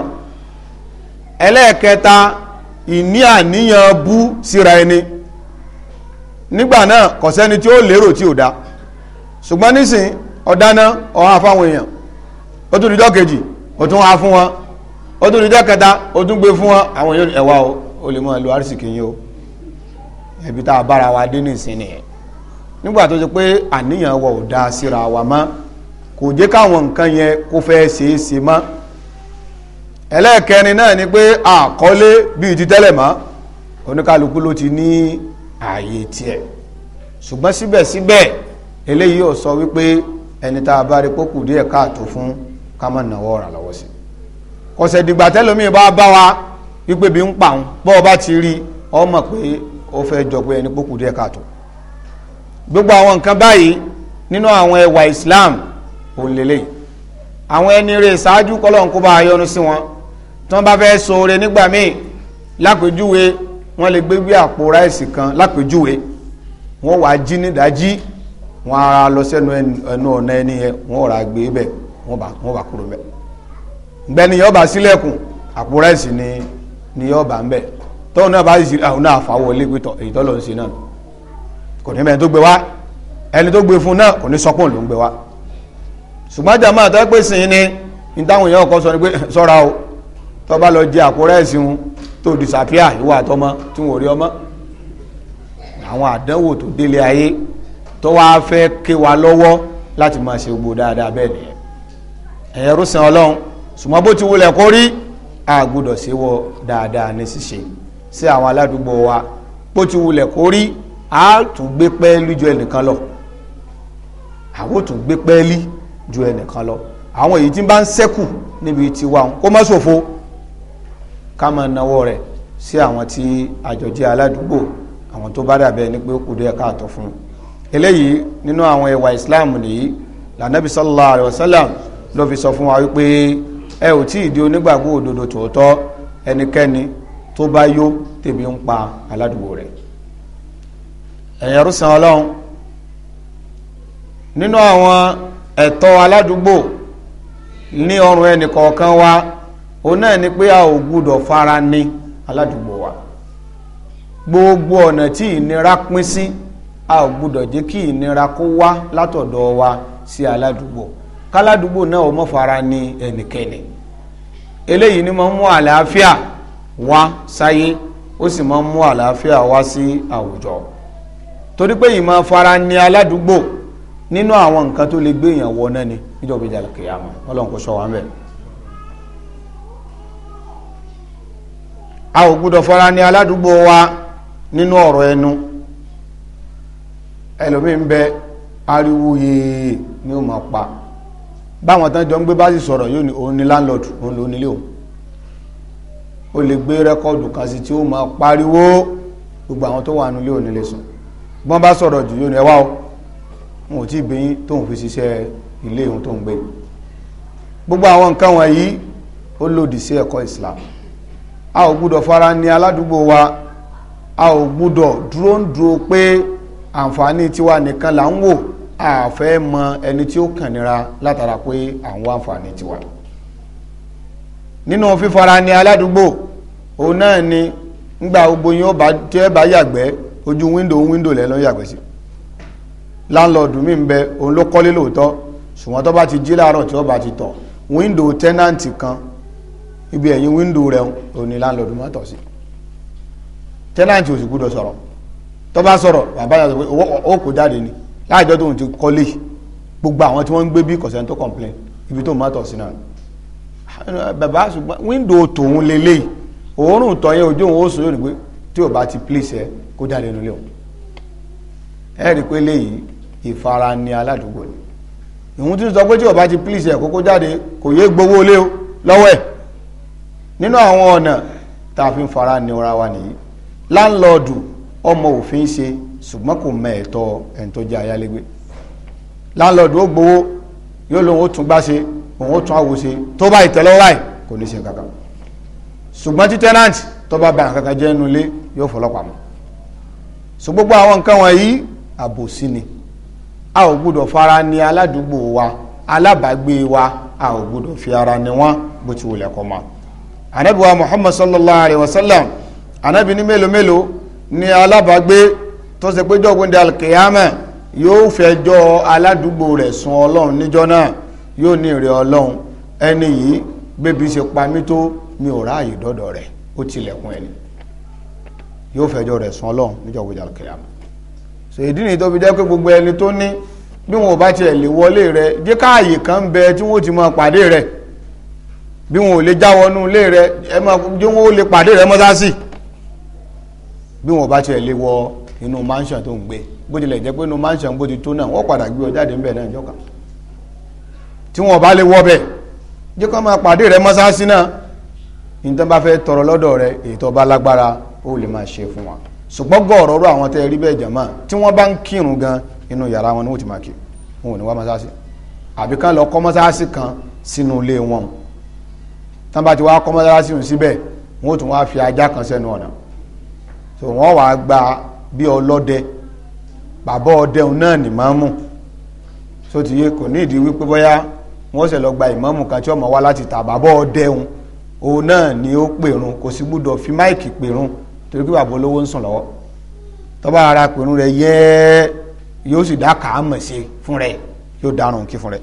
ẹlẹ́ẹ̀kẹta ìní àníyàn bú síra ẹni nígbà náà kò sẹ́ni tí ó lérò tí ò dá ṣùgbọ́n nísìn ọ̀dáná ọ̀hán fáwọn èèyàn ó tún dídọ́ kejì ó tún wá fún wọn ó tún dídá kẹta ó tún gbé fún wọn àwọn yóò ẹwà o ó lè mọ ìlú arísìkì yín o ẹbí tá a bára wa dé nìsín nìyẹn nígbà tó ṣe pé àníyàn wa ò dáa síra wa mọ́ kò jẹ́ káwọn nǹkan yẹn kó fẹ́ ṣeé ṣe mọ́ ẹlẹ́ẹ̀kẹrin náà ni pé àkọlé bíi ti tẹ́lẹ̀ mọ́ oníkálukú ló ti ní ààyè tiẹ̀ ṣùgbọ́n síbẹ̀síbẹ̀ eléyìí ò sọ wípé ẹni tá a bá rí pókù díẹ̀ káàtó fún ká má náwó ọ̀rà lọ́wọ́ sí i kọ̀sẹ̀ dìgbà tẹ́lómi bá bá wa wípé bí ń pa òun bọ́ ọ bá ti rí ọmọ pé ó fẹ́ jọ pé ẹni pókù díẹ̀ káàtó gbogbo àwọn nǹkan báyìí nínú àwọn ẹwà Islam òun lélẹ́yìí àwọn ẹni rẹ̀ ṣáájú kọ́lọ́n kó bá a yọ́nú sí wọn tí wọ́n bá fẹ́ ṣoore nígbà míì lápèjúwe wọ́n lè gbé bí àpò ráìsì kan lápèjúwe wọ́n wàá jí nídàájí wọ́n ara lọ sẹ́nu ẹnu ọ̀nà ẹni yẹn wọ́n rà gbé bẹ́ẹ̀ wọ́n bá kúrò bẹ́ẹ̀ gbẹni yọba sílẹ̀kùn àpò ráìsì ni ni yọba ń bẹ̀ tóun náà bá sì àwọn náà fàwọ̀ lẹ́gbẹ̀tọ̀ èyí tó lọ ń ṣe náà kò ní mẹ́rin tó gbé wá ẹni tó gbé fún náà kò ní sọpọ̀ ló ń gbé wá ṣùgbọ́n jàmọ́ àtọ́ pé sìn ni ní táwọn èèyàn kan sọ ni pé sọ́ra o tó bá lọ jẹ àpò wọn tó disapia ìwà àtọmọ tí wọn ò rí ọmọ àwọn àdánwò tó délé ayé tó wáá fẹ́ ké wa lọ́wọ́ láti máa ṣe gbogbo dáadáa bẹ́ẹ̀ nìyẹn ẹ̀yẹ rúṣin ọlọ́run ṣùgbọ́n bó ti wulẹ̀ kó rí a gbọ́dọ̀ ṣe wọ dáadáa ní ṣíṣe sí àwọn aládùúgbò wa bó ti wulẹ̀ kó rí a tún gbé pẹ́ẹ́lí ju ẹnìkan lọ àwọn tún gbé pẹ́ẹ́lí ju ẹnìkan lọ àwọn èyí tí bá ń ṣẹ́kù níbi tiwa kó má ṣòfò ká máa náwó rẹ̀ sí àwọn tí àjọjẹ́ aládùúgbò àwọn tó bá dàbẹ̀ ni pé ó kù díẹ̀ káàtó fún un eléyìí nínú àwọn ẹwà Islam nìyí lànàbí sallallahu alaihi wasallam ló fi sọ fún wa wípé ẹ ò tí ì di onígbàgbọ́ òdodo tòótọ́ ẹnikẹ́ni tó bá yó tèmi ń pa aládùúgbò rẹ̀ ẹ̀yìn ẹrúsàn ọlọ́run nínú àwọn ẹ̀tọ́ aládùúgbò ní ọrùn ẹnì kọ̀ọ̀kan wa òun náà ni pé a ò gbúdọ̀ fara ní aládùúgbò wa gbogbo ọ̀nà tí ìnira pín sí a ò gbúdọ̀ jẹ́ kí ìnira kó wá látọ̀dọ̀ wa sí aládùúgbò káládùúgbò náà ò mọ̀ fara ní ẹnikẹ́ni eléyìí ni máa ń mú àlàáfíà wá sáyé ó sì máa ń mú àlàáfíà wá sí àwùjọ torí pé ìmọ̀ fara ní aládùúgbò nínú àwọn nǹkan tó lè gbé èèyàn wọ náà ni níjọba ìjà kìyàmù ọlọ́run kò sọ wá ń a ò gbúdọ̀ fara ní aládùúgbò wa nínú ọ̀rọ̀ ẹnu ẹlòmíín bẹ ariwo yèè ni ó máa pa báwọn tán jọ ń gbé bá sọ̀rọ̀ yóò ní òun ni landlord òun ló nílé òun ó lè gbé rẹ́kọ́ọ̀dù kan sí tí ó máa pariwo gbogbo àwọn tó wà nílé òun nílé sùn bọ́n bá sọ̀rọ̀ jù yóò ní ẹwà o wọn ò tí ì bẹyìn tóun fi ṣiṣẹ́ ilé òun tó ń gbé gbogbo àwọn nǹkan wọ̀nyí ó lòdì sí ẹ̀kọ́ Islam a ò gbúdọ̀ fara ní aládùúgbò wa a ò gbúdọ̀ dúró ń dúró pé àǹfààní tiwa nìkan là ń wò a fẹ́ mọ ẹni tí ó kàn nira látara pé àwọn àǹfààní ti wà nínú fífara ni aládùúgbò òun náà ni ngbà gbogbo yín tí ẹ bá yàgbẹ́ ojú wíńdò wíńdò lẹ́lọ́ yàgbẹ́ sí láńlọ́ọ̀dù mi ń bẹ òun ló kọ́lé lóòótọ́ ṣùgbọ́n tó bá ti jí láàárọ̀ tí ó bá ti tọ̀ wíńdò tẹ́nàǹtì kan ibi ẹ̀yìn wíńdò rẹ̀ òun ni láńlọ́ọ̀dù sí tẹ́nàǹtì ò sì gbúdọ̀ sọ̀rọ̀ tó bá sọ̀rọ̀ bàbá yàtọ̀ pé ó kò jáde ni láìjọ́ tóun ti kọ́lé gbogbo àwọn tí wọ́n ń gbé bí kọ̀sẹ̀ tó complain ibi tóun má tọ̀ sí náà bàbá ṣùgbọ́n wíńdò tòun lélẹ̀ òórùn tọ̀ yẹn ojú òun ó sọ yóò rí pé tí ò bá ti place ẹ kó jáde nílé o ẹ rí pé léyìí ìfara ni aládùúgbò ni ìhun tí ń sọ pé tí ò bá ti place ẹ kókó jáde kò yé gbowó lé o lọ́wọ́ ẹ̀ nínú àwọn ọ̀nà tá a fi ń fara ni ọra wa nìyí láńlọ́ọ̀dù ọmọ òfin ṣe ṣùgbọ́n kò mẹ ẹ̀tọ́ ẹni tó jẹ́ ayálégbé láńlọ́ọ̀dù ó gbowó yóò lóun ó tún gbá ṣe òun ó tún àwò ṣe tó bá ìtẹ́lọ́wọ́ báyìí kò ní ṣe kankan ṣùgbọ́n tí tẹ́nàntì tó bá bẹ̀rẹ̀ kankan jẹ́ nulẹ̀ yóò fọlọ́pàá mọ́ so gbogbo àwọn nǹkan wọ̀nyí àbòsí ni a ò gbúdọ̀ fara ní aládùúgbò wa alábàágbé wa a ò gbúdọ̀ fi ara ní wọn bó ti wulẹ̀ kọ́ ma anabi muhammad sallallahu alayhi wa sallam anabi ní mélòó mélòó ní alábàágbé tó ṣe pé jọ́gbọ́n di alkiyama yóò fẹjọ́ aládùúgbò rẹ̀ sun ọlọ́run níjọ́ náà yóò ní ìrẹ̀ ọlọ́run ẹni yìí bébí ṣe pa mí tó mi ò ráàyè dọ́dọ̀ rẹ̀ ó tilẹ̀kùn ẹni yóò fẹjọ́ rẹ̀ sun ọlọ́run níjọ́gbọ́n di alkiyama so ìdí nìyí tó fi jẹ́ pé gbogbo ẹni tó ní bí wọn ò bá tiẹ̀ lè wọlé rẹ̀ jẹ́ káàyè kan bẹ tí wọ́n ti máa pàdé rẹ̀ bí wọn ò lè jáwọnú ilé rẹ̀ ẹ máa jẹ́ wọn ó lè pàdé rẹ̀ mọ́sásì bí wọn ò bá tiẹ̀ lè wọ inú mansion tó ń gbé bó tilẹ̀ jẹ́ pé inú mansion bó ti tó náà wọ́n padà gbé ọ jáde ńbẹ̀ náà jọ́ka tí wọ́n bá lè wọ́ bẹ̀ jẹ́ kó máa pàdé rẹ mọ́sáàsì náà nítorí bá fẹ́ tọrọ lọ́dọ̀ rẹ ètò ọba lágbára ó lè máa ṣe fún wa ṣùgbọ́n gọ̀ọ̀rọ̀ rọ àwọn tẹ́ rí bẹ́ẹ̀ jàmá tí wọ́n bá ń kírun gan inú yàrá wọn ni wọ́n ti máa kí wọn ò ní wá mọ́sáàsì àbí kán lọ kọ́ mọ́sáàsì kan sínú ilé wọn tán bá ti wá kọ́ mọ́sáàsì síbẹ̀ wọ́n tún wá fi ajá kan sẹ́nu ọ̀nà so wọ́n wàá gba bí ọlọ́dẹ bàbá ọdẹun náà ní máàmù tó ti yé kò ní ìdí wípé bóyá wọ́n ṣẹ̀ lọ gba ìmáàmù kan tí ọmọ wá láti ta bàbá ọdẹun òun náà ni ó pèrun kò sí gbúdọ̀ fi máìkì pèrun torí pé bàbá olówó ń sùn lọ́wọ́ tọ́ba ara pèrun rẹ̀ yẹ́ yóò sì dá kàámọ̀ sí fún rẹ̀ yóò dárun kí fún rẹ̀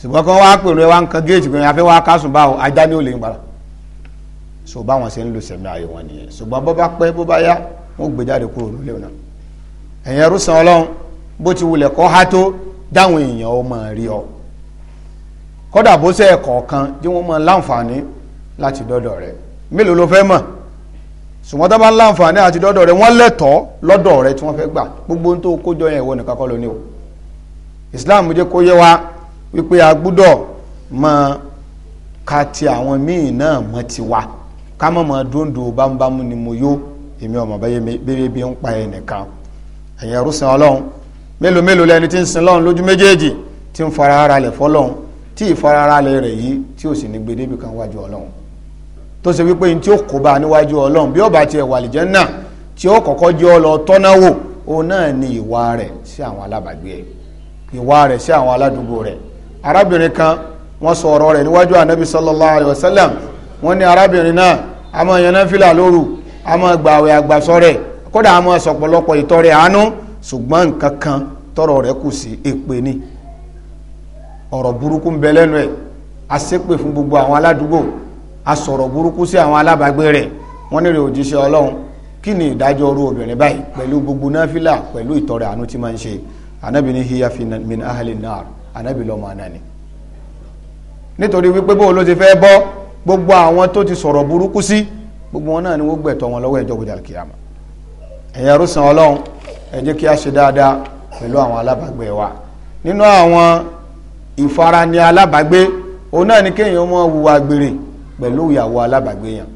ṣùgbọ́n kí wọ́n wá pèrun ẹ̀ wá ń kan géètì pé afẹ́ wá kásùn báwo ajá ni ó lè ń gbára so báwọn ṣe ń lo sẹ̀mí ayé wọn nìyẹn ṣùgbọ́n bó bá pẹ́ bó bá yá wọn gbé jáde kúrò nílé náà ẹ̀yin ẹrú san ọlọ́run bó ti wulẹ̀ kọ́ há tó dáwọn èèyàn ó máa rí ọ kódà bó sẹ́ kọ̀ọ̀kan tí wọ́n máa láǹfààní láti dọ́dọ̀ rẹ mélòó ló fẹ́ mọ̀ ṣùgbọ́n tó bá láǹfààní àti dọ́dọ̀ rẹ wọ́n lẹ́tọ̀ọ́ lọ́dọ̀ rẹ tí wọ́n fẹ́ gbà gbogbo tó kójọ yẹn ìwọ nìkan kọ́ ló o Islam jẹ́ kó yé wa wípé a gbúdọ̀ máa ka ti àwọn míì náà mọ́ ti wa ká mọ̀ mọ́ dóńdó bámúbámú ni mo yó èmi ọmọ bẹ́ẹ̀ bẹ́ẹ̀ bí ń pa ẹnìkan ẹ̀yin ẹrú sin ọlọ́run mélòó mélòó lẹni tí ń sin lọ́run lójú méjèèjì tí ń fara ara lẹ̀ fọlọ́run tí ìfara ara lẹ̀ rẹ̀ yìí tí ò sì ní gbé débi kan wájú ọlọ́run tó ṣe wípé ní tí ó kó bá níwájú ọlọ́run bí ó tiẹ̀ wà náà tí ó kọ́kọ́ jẹ́ ọ lọ tọ́ná òun náà ni ìwà rẹ̀ sí àwọn alábàgbé ẹ̀ ìwà rẹ̀ sí àwọn aládùúgbò rẹ̀ arábìnrin kan wọ́n sọ ọ̀rọ̀ rẹ̀ níwájú ànábi sallallahu alayhi wa sallam wọ́n ní arábìnrin náà a máa yan náfìlà lóru a máa gba àwẹ̀ àgbàsọ́rẹ̀ kódà a máa sọ̀pọ̀lọpọ̀ ìtọrẹ àánú ṣùgbọ́n nǹkan kan tọrọ rẹ̀ kù sí èpè ni ọ̀rọ̀ burúkú ń bẹ lẹ́nu ẹ̀ a ṣépè fún gbogbo àwọn aládùúgbò a sọ̀rọ̀ burúkú sí àwọn alábàágbé rẹ̀ wọ́n nílò òjíṣẹ́ ọlọ́run kí ni ìdájọ́ orú obìnrin báyìí pẹ̀lú gbogbo náfìlà pẹ̀lú ìtọrẹ àánú tí máa ń ṣe anábì ní hiya fi min ahli nar anábì lọ́mọ anani nítorí wípé bóun ló ti fẹ́ bọ́ gbogbo àwọn tó ti sọ̀rọ̀ burúkú sí gbogbo wọn náà ni wọ́n gbẹ̀tọ̀ wọn lọ́wọ́ ẹjọ́ gbọdọ̀ kìyàmà ẹ̀yin arúsàn ọlọ́run ẹ kí a ṣe dáadáa pẹ̀lú àwọn alábàgbé wa nínú àwọn ìfarani alábàgbé òun náà ni kéèyàn mọ wùwà pẹ̀lú ìyàwó alábàgbé yẹn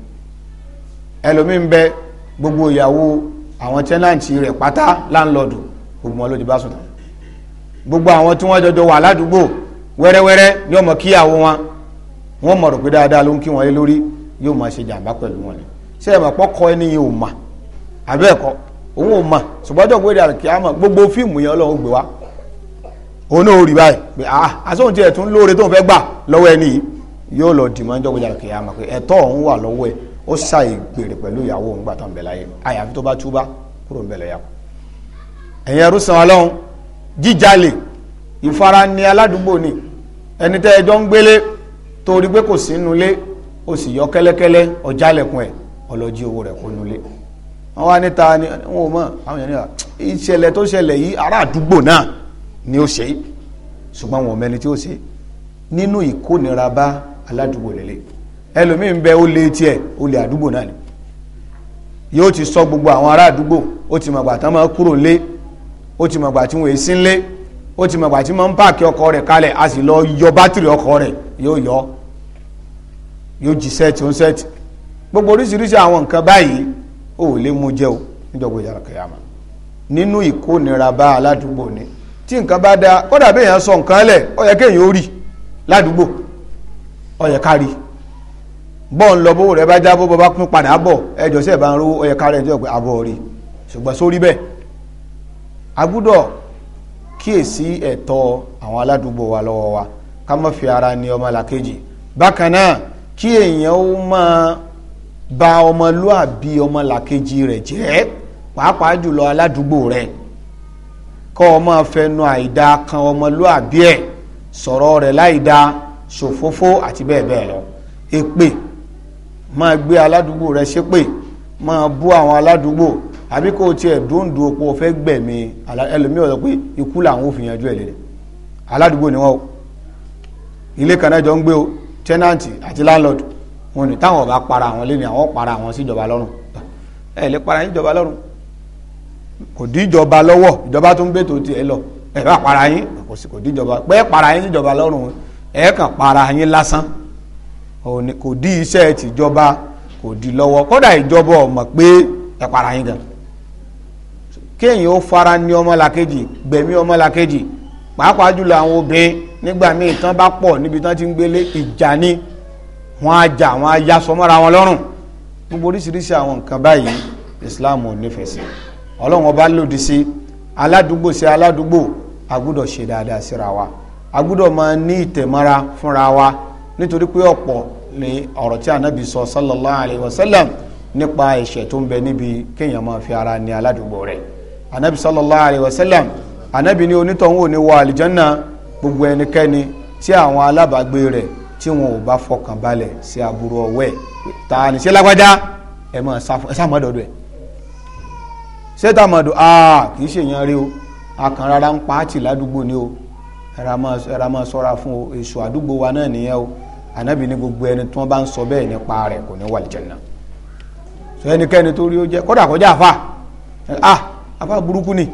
ẹlòmíì gbogbo ìyàwó àwọn tẹ́nàǹtì rẹ̀ pátá láńlọ́ọ̀dù gbogbo wọn gbogbo àwọn tí wọ́n jọjọ wà ládùúgbò ni yóò máa ṣe jàǹbá pẹ̀lú wọn ni ṣé ẹ̀ mọ̀ pọ́kọ ẹni yìí ò mà àbẹ́ ẹ̀kọ́ òun ò mà ṣùgbọ́n dọ̀gbọ́ èdè gbogbo fíìmù yẹn ọlọ́run gbé wá òun náà rí báyìí pé ah àsóhun tí ẹ̀ tún lóore tó ń fẹ́ gbà lọ́wọ́ ẹni yìí yóò lọ dì mọ́ dọ̀gbọ́ èdè àlùkí àmọ́ pé ẹ̀tọ́ òun wà lọ́wọ́ ẹ̀ ó ṣàì gbèrè pẹ̀lú ìyàwó òun gbàtàn bẹ̀ láyé àyàfi tó ń bẹ̀lẹ̀ ó sì yọ kẹ́lẹ́kẹ́lẹ́ ọjàlẹ̀kùn ẹ̀ ọlọ́jí owó rẹ̀ kó nulẹ̀ wọ́n wá níta ni wọn ò mọ̀ àwọn èèyàn níta ah, ìṣẹ̀lẹ̀ tó ṣẹlẹ̀ yìí ará àdúgbò náà ni ó ṣe ṣùgbọ́n wọn ò mẹ́ni tí ó ṣe nínú ìkónira bá aládùúgbò lélẹ̀ ẹlòmíì ń bẹ ó lé tiẹ̀ ó lé àdúgbò náà ni yóò ti sọ gbogbo àwọn ará àdúgbò ó ti mọ̀gbà tán máa kúrò lé ó ti mọ̀gbà tí wọ́n èsì ń lé ó ti mọ̀gbà tí wọ́n ń páàkì ọkọ̀ rẹ̀ kalẹ̀ a sì lọ yọ bátìrì ọkọ̀ rẹ̀ yóò yọ yóò jí sẹ́ẹ̀tì ó ń sẹ́ẹ̀tì gbogbo oríṣiríṣi àwọn nǹkan báyìí ò lè mú jẹ́ o níjọba ìyára kẹyàmà nínú ìkónira bá aládùúgbò ni tí nǹkan bá dáa ó dàbí èèyàn sọ nǹkan lẹ̀ ó yẹ kéèyàn ó rì ládùúgbò ó yẹ ká rí bọ́ọ̀ ń lọ bówó rẹ bá jábọ́ bọ́ bá pín padà bọ̀ ẹjọ́ sẹ́ẹ̀ bá ń rówó ó yẹ ká rẹ̀ ń jọ pé àbọ̀ rí ṣùgbọ́n sórí bẹ́ẹ̀ agbúdọ̀ kíyèsí ẹ̀tọ́ àwọn aládùúgbò wa lọ́wọ́ wa ká má fi ara ní ọmọlàkejì bákan náà kí èèyàn ó máa bà ọmọlúàbí ọmọlàkejì rẹ̀ jẹ́ pàápàá jùlọ aládùúgbò rẹ̀ kọ́ ọ máa fẹnu àìda kan ọmọlúàbí ẹ̀ sọ̀rọ̀ rẹ̀ láìda ṣòfófó àti bẹ́ẹ̀ bẹ́ẹ̀ lọ èpè máa gbé aládùúgbò rẹ̀ ṣépè máa bú àwọn aládùúgbò àbí kò tiẹ̀ dóńdó opó fẹ́ gbẹ̀mí ẹlòmíì ọ̀dọ̀ pé ikú làwọn ò yanjú ẹ̀ lẹ́lẹ̀ aládùúgbò ni wọ́n o ilé kan náà jọ ń gbé o tẹ́nàntì àti landlord wọn ni táwọn ọba para àwọn lé ní àwọn para àwọn síjọba lọ́rùn ẹ lè para yín ìjọba lọ́rùn kò dí ìjọba lọ́wọ́ ìjọba tó ń bètò tiẹ̀ lọ ẹ bá para yín kò sì kò dí ìjọba pé para yín síjọba lọ́rùn ẹ kàn para yín lásán kò dí iṣẹ́ tìjọba kò dí lọ́wọ́ kódà ìjọba ò pé ẹ para yín gan kéèyàn ó fara ní ọmọlàkejì gbẹ̀mí ọmọlàkejì pàápàá jùlọ àwọn obìnrin nígbà míì tán bá pọ̀ níbi tán ti ń gbélé ìjà ni wọ́n á jà wọ́n á ya sọmọ́ra wọn lọ́rùn gbogbo oríṣiríṣi àwọn nǹkan báyìí Islam ò nífẹ̀ẹ́ sí ọlọ́run ọba lòdì sí aládùúgbò sí aládùúgbò a ṣe dáadáa síra wa a gbọ́dọ̀ máa ní ìtẹ̀mọ́ra fúnra wa nítorí pé ọ̀pọ̀ ni ọ̀rọ̀ tí anabi sọ sallallahu alayhi wa sallam nípa ẹ̀ṣẹ̀ tó ń bẹ níbi kéèyàn máa fi ara ní aládùúgbò rẹ̀ anabi sallallahu alayhi wa sallam anabi ni onítọ̀hún ò ní wọ àlìjánná gbogbo ẹnikẹ́ni tí àwọn alábàágbé rẹ̀ tí wọn ò bá fọkàn balẹ̀ sí aburú ọwẹ́ ta ni ṣé lágbájá ẹ mọ̀ ṣàmọ́dọ̀dọ̀ ẹ̀ ṣé tàmọ̀dọ̀ aa kì í ṣèyàn rí o akàn rárá ń pa á tì ládùúgbò ni o ẹ̀rà máa ṣọ́ra fún o èso àdúgbò wa náà nìyẹn o ànábì ní gbogbo ẹni tí wọ́n bá ń sọ bẹ́ẹ̀ nípa rẹ̀ kò ní wà lìjẹ̀nà ṣé ẹnikẹ́ni tó rí ó jẹ́ kódà kọjá àfa ah àfa burúkú ni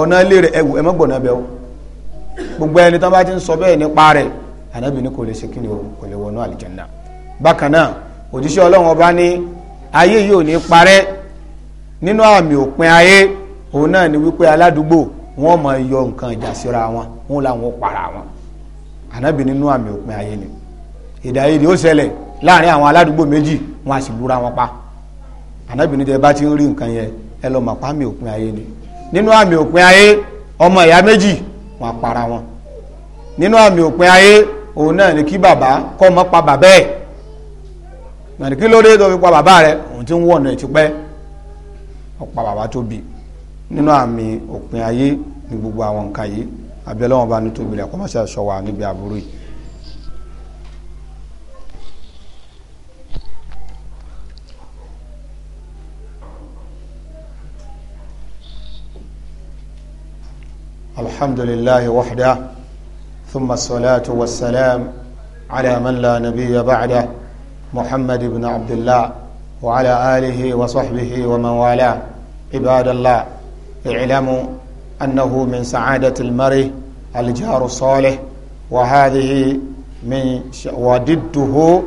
ọ̀nà ilé rẹ̀ ẹ̀wù ẹ̀mọ́gbọ̀nà bẹ́ẹ̀ o gbogbo ẹni tó bá ti ń sọ bẹ́ẹ̀ nípa rẹ̀ ànábì ní kò lè ṣe kí ni o kò lè wọnú àlìjẹ́nà bákan náà òjíṣẹ́ ọlọ́run ọba ní ayé yìí ò ní parẹ́ nínú àmì òpin ayé òun náà ni wípé aládùúgbò wọn máa yọ nǹkan ìjà síra wọn wọn làwọn para wọn ànábì nínú àmì òpin ayé ni èdèàìyedè ó ṣẹlẹ̀ láàrin àwọn aládùúgbò méjì wọn á sì lura wọn pa ànábì ní tẹ bá ti ń rí nǹkan yẹn ẹ lọ mọ̀ pa àmì òpin ayé ni nínú àmì òpin ayé ọmọ ìyá méjì wọn para wọn nínú àmì òpin ayé òun náà ni kí bàbá kọ́ ọmọ pa bàbá ẹ̀ mẹ́rin kí lóde tó fi pa bàbá rẹ̀ òun ti ń wọ̀nà ẹ̀ ọ̀pá bàbá tó nínú àmì òpin ayé ní gbogbo àwọn nǹkan yìí abẹ́lẹ́wọ̀n bá ní tóbi rẹ̀ kọ́mọ́sẹ̀ sọ wà níbi àbúrò yìí الحمد لله وحده ثم الصلاة والسلام على من لا نبي بعده محمد بن عبد الله وعلى آله وصحبه ومن والاه عباد الله اعلموا أنه من سعادة المرء الجار الصالح وهذه من وددته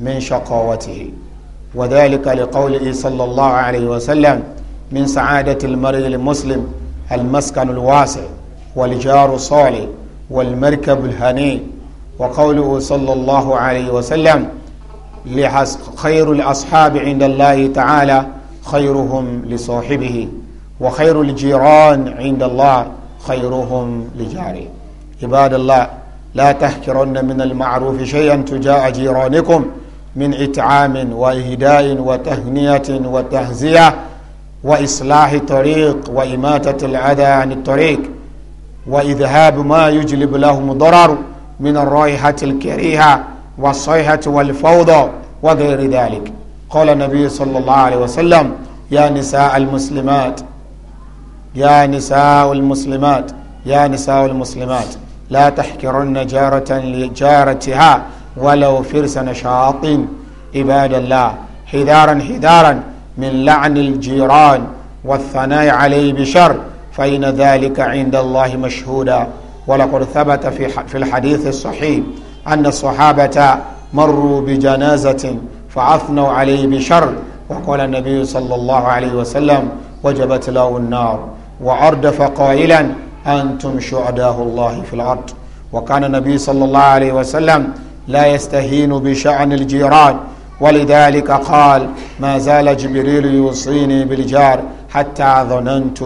من شقاوته وذلك لقوله صلى الله عليه وسلم من سعادة المرء المسلم المسكن الواسع والجار الصالح والمركب الهني وقوله صلى الله عليه وسلم خير الأصحاب عند الله تعالى خيرهم لصاحبه وخير الجيران عند الله خيرهم لجاره عباد الله لا تهكرن من المعروف شيئا تجاء جيرانكم من إتعام وإهداء وتهنية وتهزية وإصلاح طريق وإماتة الأذى عن الطريق وإذهاب ما يجلب لهم ضرر من الرائحة الكريهة والصيحة والفوضى وغير ذلك قال النبي صلى الله عليه وسلم يا نساء المسلمات يا نساء المسلمات يا نساء المسلمات لا تحكرن جارة لجارتها ولو فرس نشاط عباد الله حذارا حذارا من لعن الجيران والثناء عليه بشر فإن ذلك عند الله مشهودا ولقد ثبت في في الحديث الصحيح أن الصحابة مروا بجنازة فأثنوا عليه بشر وقال النبي صلى الله عليه وسلم وجبت له النار وأردف قائلا أنتم شهداء الله في الأرض وكان النبي صلى الله عليه وسلم لا يستهين بشأن الجيران ولذلك قال ما زال جبريل يوصيني بالجار حتى ظننت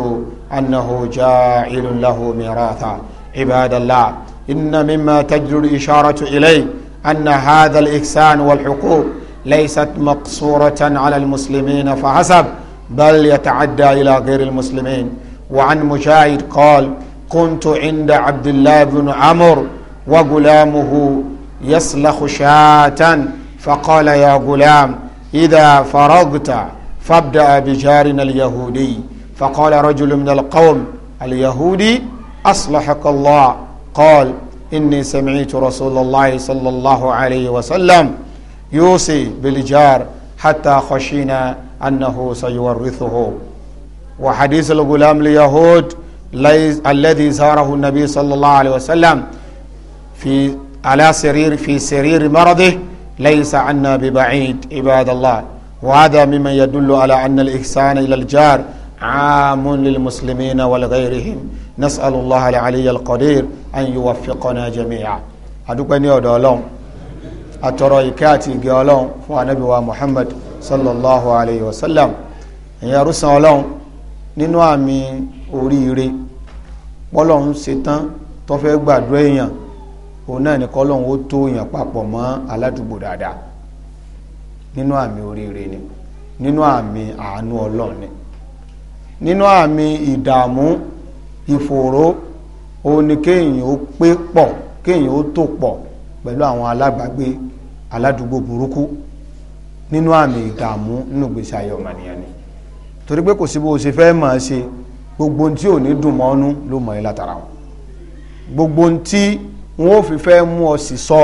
أنه جاعل له ميراثا عباد الله إن مما تجر الإشارة إليه أن هذا الإحسان والحقوق ليست مقصورة على المسلمين فحسب بل يتعدى إلى غير المسلمين وعن مجاهد قال كنت عند عبد الله بن عمرو وغلامه يسلخ شاة فقال يا غلام إذا فرغت فابدأ بجارنا اليهودي فقال رجل من القوم اليهودي أصلحك الله قال إني سمعت رسول الله صلى الله عليه وسلم يوصي بالجار حتى خشينا أنه سيورثه وحديث الغلام اليهود الذي زاره النبي صلى الله عليه وسلم في على سرير في سرير مرضه ليس عنا ببعيد عباد الله وهذا مما يدل على أن الإحسان إلى الجار عام للمسلمين ولغيرهم نسأل الله العلي القدير أن يوفقنا جميعا أدوك أن يودولون أترويكاتي قولون فنبي محمد صلى الله عليه وسلم يا رسول الله nínú àmì oríire bọ́lọ́run ṣetán tó fẹ́ gbàdúrà èèyàn òun náà ni kọ́lọ́hún ó tó yàn papọ̀ mọ́ aládùúgbò dáadáa nínú àmì oríire ni nínú àmì àánú ọlọ́run ni nínú àmì ìdààmú ìfòòró òun ni kéèyàn ó pé pọ̀ kéèyàn ó tò pọ̀ pẹ̀lú àwọn alábàágbé aládùúgbò burúkú nínú àmì ìdààmú nínú gbèsè ayé ọmọnìyàn ni torí pé kò sí bó o ṣe fẹ́ mọ̀ ṣe gbogbo ohun tí ò ní dùn mọ́ ló mọ̀ ẹ́ látara wọn gbogbo ohun tí wọn ò fi fẹ́ mú ọ sì sọ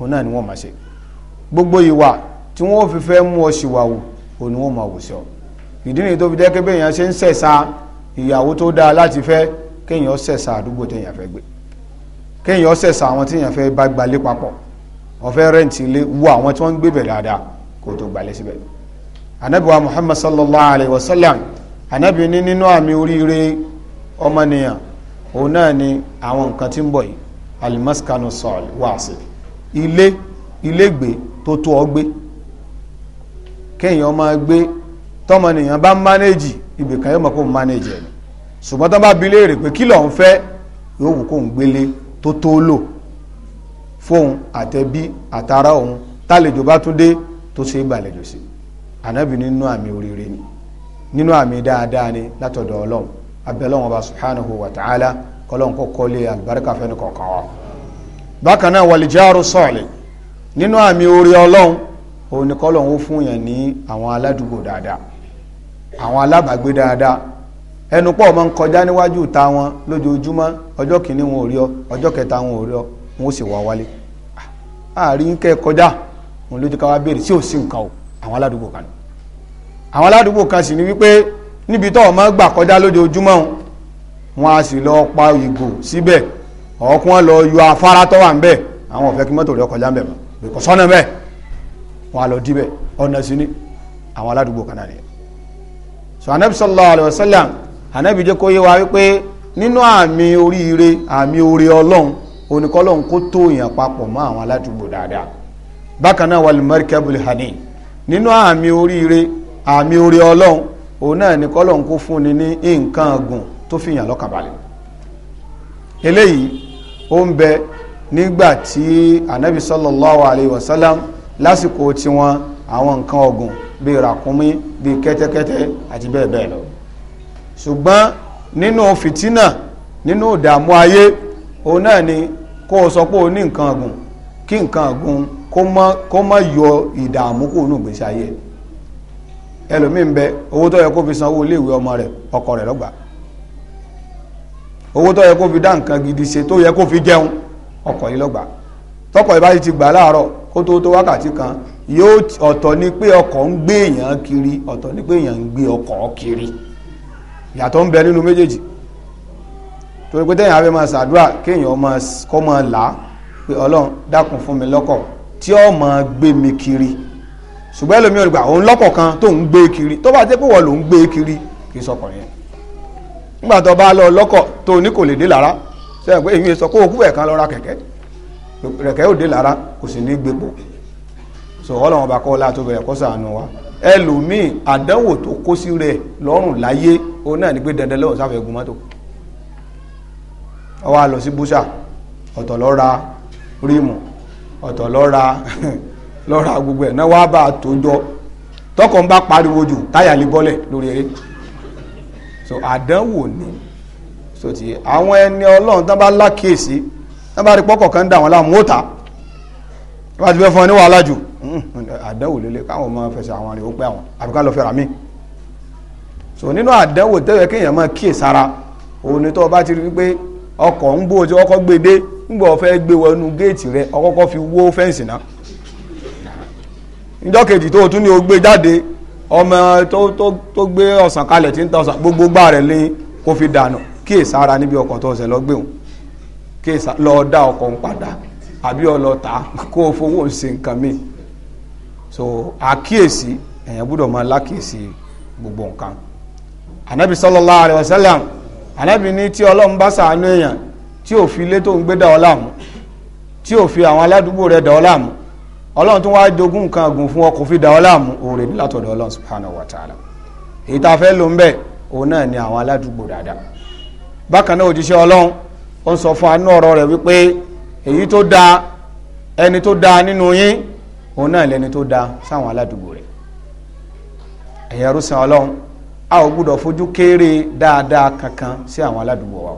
òun náà ni wọ́n máa ṣe gbogbo ìwà tí wọn ò fi fẹ́ mú ọ sì wà wò òun ni wọ́n máa wò sí ọ ìdí nìyí tó fi dẹ́kẹ́ bẹ́ẹ̀ yẹn ṣe ń sẹ̀sà ìyàwó tó dáa láti fẹ́ kéèyàn sẹ̀sà àdúgbò téèyàn fẹ́ gbé kéèyàn sẹ̀sà àwọn téèyàn fẹ́ bá gbalé papọ̀ ọ̀fẹ́ rẹ́ǹtì ilé wo àwọn tí wọ́n ń gbé bẹ̀ dáadáa kó tó gbalé síbẹ̀ ni àwọn nǹkan alimaskanu sọ̀l wáàsì ilé ilégbè tó tó ọ gbé kéèyàn máa gbé tọmọnìyàn bá mánéjì ibìkan yóò mọ̀ kó mánéjì ẹ̀ ṣùgbọ́n tó bá bi léèrè pé kí lòun fẹ́ yóò wù kó ń gbélé tó tó lò fóun àtẹbí àtàrà òun tálejò bá tún dé tó ṣe é gbàlejò sí ànábì nínú àmì oríire ni nínú àmì dáadáa ni látọ̀dọ̀ ọlọ́run abẹ́lọ́run ọba subhanahu wa ta'ala kọlọ́n kó kọ́lé àlùbáríkà fẹ́ni kọ̀ọ̀kan wa bákan náà wàlìjáàrú sọ̀ọ̀lì nínú àmì orí ọlọ́run òun ni kọ́lọ́n ó fún yàn ní àwọn aládùúgbò dáadáa àwọn alábàágbé dáadáa ẹnu pọ̀ máa ń kọjá níwájú ìta wọn lójoojúmọ́ ọjọ́ kìíní wọn ò rí ọ ọjọ́ kẹta wọn ò rí ọ wọn ó sì wá wálé ah, àárín kẹ́ kọjá òun lójú ká wá béèrè sí nǹkan o àwọn aládùúgbò kan àwọn aládùúgbò kan sì ni wípé níbi tó o máa gbà kọjá lójoojúmọ́ òun wọ́n á sì lọ pa ìgò síbẹ̀ ọ̀kún lọ yọ afárá tó wà ń bẹ̀ àwọn ò fẹ́ kí mọ́tò rẹ̀ kọjá ń bẹ̀ mọ́ bìkọ sọ́nà bẹ́ẹ̀ wọ́n lọ dí bẹ̀ ọ̀nà ni àwọn aládùúgbò kan náà nìyẹn. sọ anabi sallallahu alayhi wa sallam anabi jẹ́ kó yé wa wípé nínú àmì oríire àmì oore ọlọ́run oníkọ́lọ́run kó tó èèyàn papọ̀ mọ́ àwọn aládùúgbò dáadáa bákan náà wal markabul hani nínú àmì oríire àmì oore ọlọ́run òun náà ní kọ́lọ́run kó fúnni ní nǹkan ọ̀gùn tó fi yàn lọ́kàbalẹ̀ eléyìí ó ń bẹ nígbà anabi sallallahu alayhi wa sallam lásìkò tiwọn àwọn nǹkan ọ̀gùn bíi ràkúnmí bíi kẹ́tẹ́kẹ́tẹ́ àti bẹ́ẹ̀ bẹ́ẹ̀ lọ ṣùgbọ́n nínú fìtínà nínú ìdààmú ayé òun náà ni kó o sọ pé o ní nǹkan ọ̀gùn kí nǹkan ọ̀gùn kó má yọ ìdààmú kó nù gbèsè ayé ẹlòmíín bẹ owó tó yẹ kó fi san owó iléèwé ọmọ rẹ̀ ọkọ rẹ̀ lọ́gbàá owó tó yẹ kó fi dá nǹkan gidi ṣe tó yẹ kó fi jẹun ọkọ̀ yìí lọ́gbà tọkọ̀ yìí bá ti gbà láàárọ̀ kó tó tó wákàtí kan yóò ọ̀tọ̀ ni pé ọkọ̀ ń gbé èèyàn kiri ọ̀tọ̀ ni pé èèyàn ń gbé ọkọ̀ kiri ìyàtọ̀ ń bẹ nínú méjèèjì torí pé téèyàn á fẹ́ máa ṣàdúrà kéèyàn máa kọ́ máa là á pé ọlọ́run dákun fún mi lọ́kọ̀ tí ó máa gbé mi kiri ṣùgbọ́n ẹlòmíràn gbà òun lọ́kọ̀ kan tó ń gbé kiri tó bá jẹ́ pé wọ́n ló gbé kiri kì í sọkọ̀ yẹn nígbà tó bá lọ lọ́kọ̀ tó ní kò lè dé lára sẹ́yìn pé èyí sọ kó òkú ẹ̀kan lọ ra kẹ̀kẹ́ rẹ̀kẹ́ ò dé lára kò sì ní gbépo sọ ọlọ́run ọba kọ́ láti bẹ̀rẹ̀ kọ́ sàánú wa ẹlòmíì àdánwò tó kó sí rẹ̀ lọ́rùn láyé òun náà ní pé dandan lọ́wọ́ sáfẹ́ gun mọ́tò ọwọ́ lọ sí búṣà ọ̀tọ̀ lọ rímù ọ̀tọ̀ lọ ra gbogbo ẹ̀ náà wá bá a tó jọ tọkọ̀ ń bá pariwo jù táyà lè bọ́lẹ̀ lórí eré so àdánwò ni so ti àwọn ẹni ọlọ́run tán bá lákèsí tán bá rí pọ́kọ̀ kan dà wọ́n láàmú ó ta wọ́n ti fẹ́ fún ọ ní wàhálà jù hmm, àdánwò lélẹ̀ káwọn ọmọ fẹsẹ̀ àwọn rẹ̀ ó àwọn àbíká fẹ́ra mí so nínú àdánwò kéèyàn máa sára òun ni tó bá ti rí ọkọ̀ ń gbó tí ọkọ̀ gbé dé gbé wọnú ọmọ tó gbé ọ̀sán kalẹ̀ tí ń ta ọ̀sán gbogbo gbà rẹ̀ lé kó fi dànù kí èsàrà níbi ọkọ̀ tó ọ̀sẹ̀ lọ́gbẹ̀hùn kí èsà lọ dá ọkọ̀ ń padà àbí ọlọ́ta kó fowó ṣe nǹkan mi so àkíyèsí èèyàn gbọ́dọ̀ máa lákìyèsí gbogbo nǹkan anabi sallallahu alayhi wa sallam anabi ní tí ọlọ́run bá ṣàánú èèyàn tí ò fi ilé tó ń gbé dà ọ́ láàmú tí ò fi àwọn aládùúgbò rẹ̀ dà ọ́ láàmú ọlọ́run tó wá jogún nǹkan ọ̀gùn fún ọkùn fi da ọláàmú òòrè ní ọlọ́run subhanahu wa ta'ala èyí tá a fẹ́ lò ń bẹ̀ òun náà ni àwọn aládùúgbò dáadáa bákan náà òjíṣẹ́ ọlọ́run ó ń sọ fún anú ọ̀rọ̀ rẹ̀ wípé èyí tó dáa ẹni tó dáa nínú yín òun náà lẹni tó dáa sáwọn aládùúgbò rẹ̀ ẹ̀yẹ rúṣin ọlọ́run a ò gbúdọ̀ fojú kéré dáadáa kankan sí àwọn aládùúgbò wa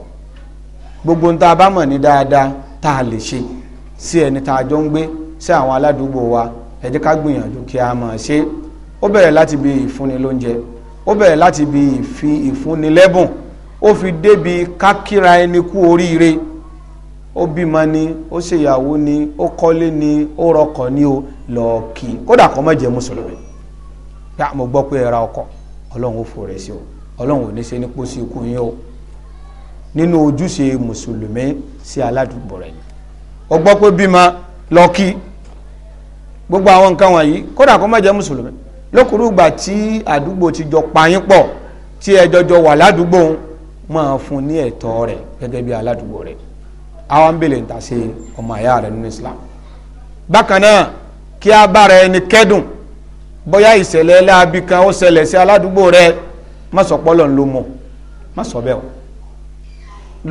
gbogbo sí àwọn aládùúgbò wa ẹ ká gbìyànjú kí a máa ṣe ó bẹ̀rẹ̀ láti bí ìfúnni lóúnjẹ ó bẹ̀rẹ̀ láti bí ìfi ìfúnni lẹ́bùn ó fi débi kákíra ẹni kú oríire ó bímọ ni ó ṣèyàwó ni ó kọ́lé ni ó rọkọ̀ ni ó lọ́ọ́ kí kódà kọ́ mọ̀ jẹ́ mùsùlùmí pé mo gbọ́ pé ẹ ra ọkọ̀ ọlọ́run ó fòrè sí o ọlọ́run ò ní ṣe ní pósí ikú yín o nínú ojúṣe mùsùlùmí sí aládùúgbò rẹ̀ ó gbọ́ pé bímọ lọ́ọ́ gbogbo àwọn nǹkan wọ̀nyí kódà kó má jẹ́ mùsùlùmí lókùrú ìgbà tí àdúgbò ti jọ payín pọ̀ tí ẹ jọjọ wà ládùúgbò máa fún ní ẹ̀tọ́ rẹ̀ gẹ́gẹ́ bí aládùúgbò rẹ̀ àwọn ń bèlè ń ta sí ọmọ àyà rẹ̀ nínú Islam bákan náà kí a bára ẹni kẹ́dùn bóyá ìṣẹ̀lẹ̀ láabi kan ó ṣẹlẹ̀ sí aládùúgbò rẹ̀ má sọ pọ́lọ̀ ń lo mọ̀ má sọ bẹ́ẹ̀ o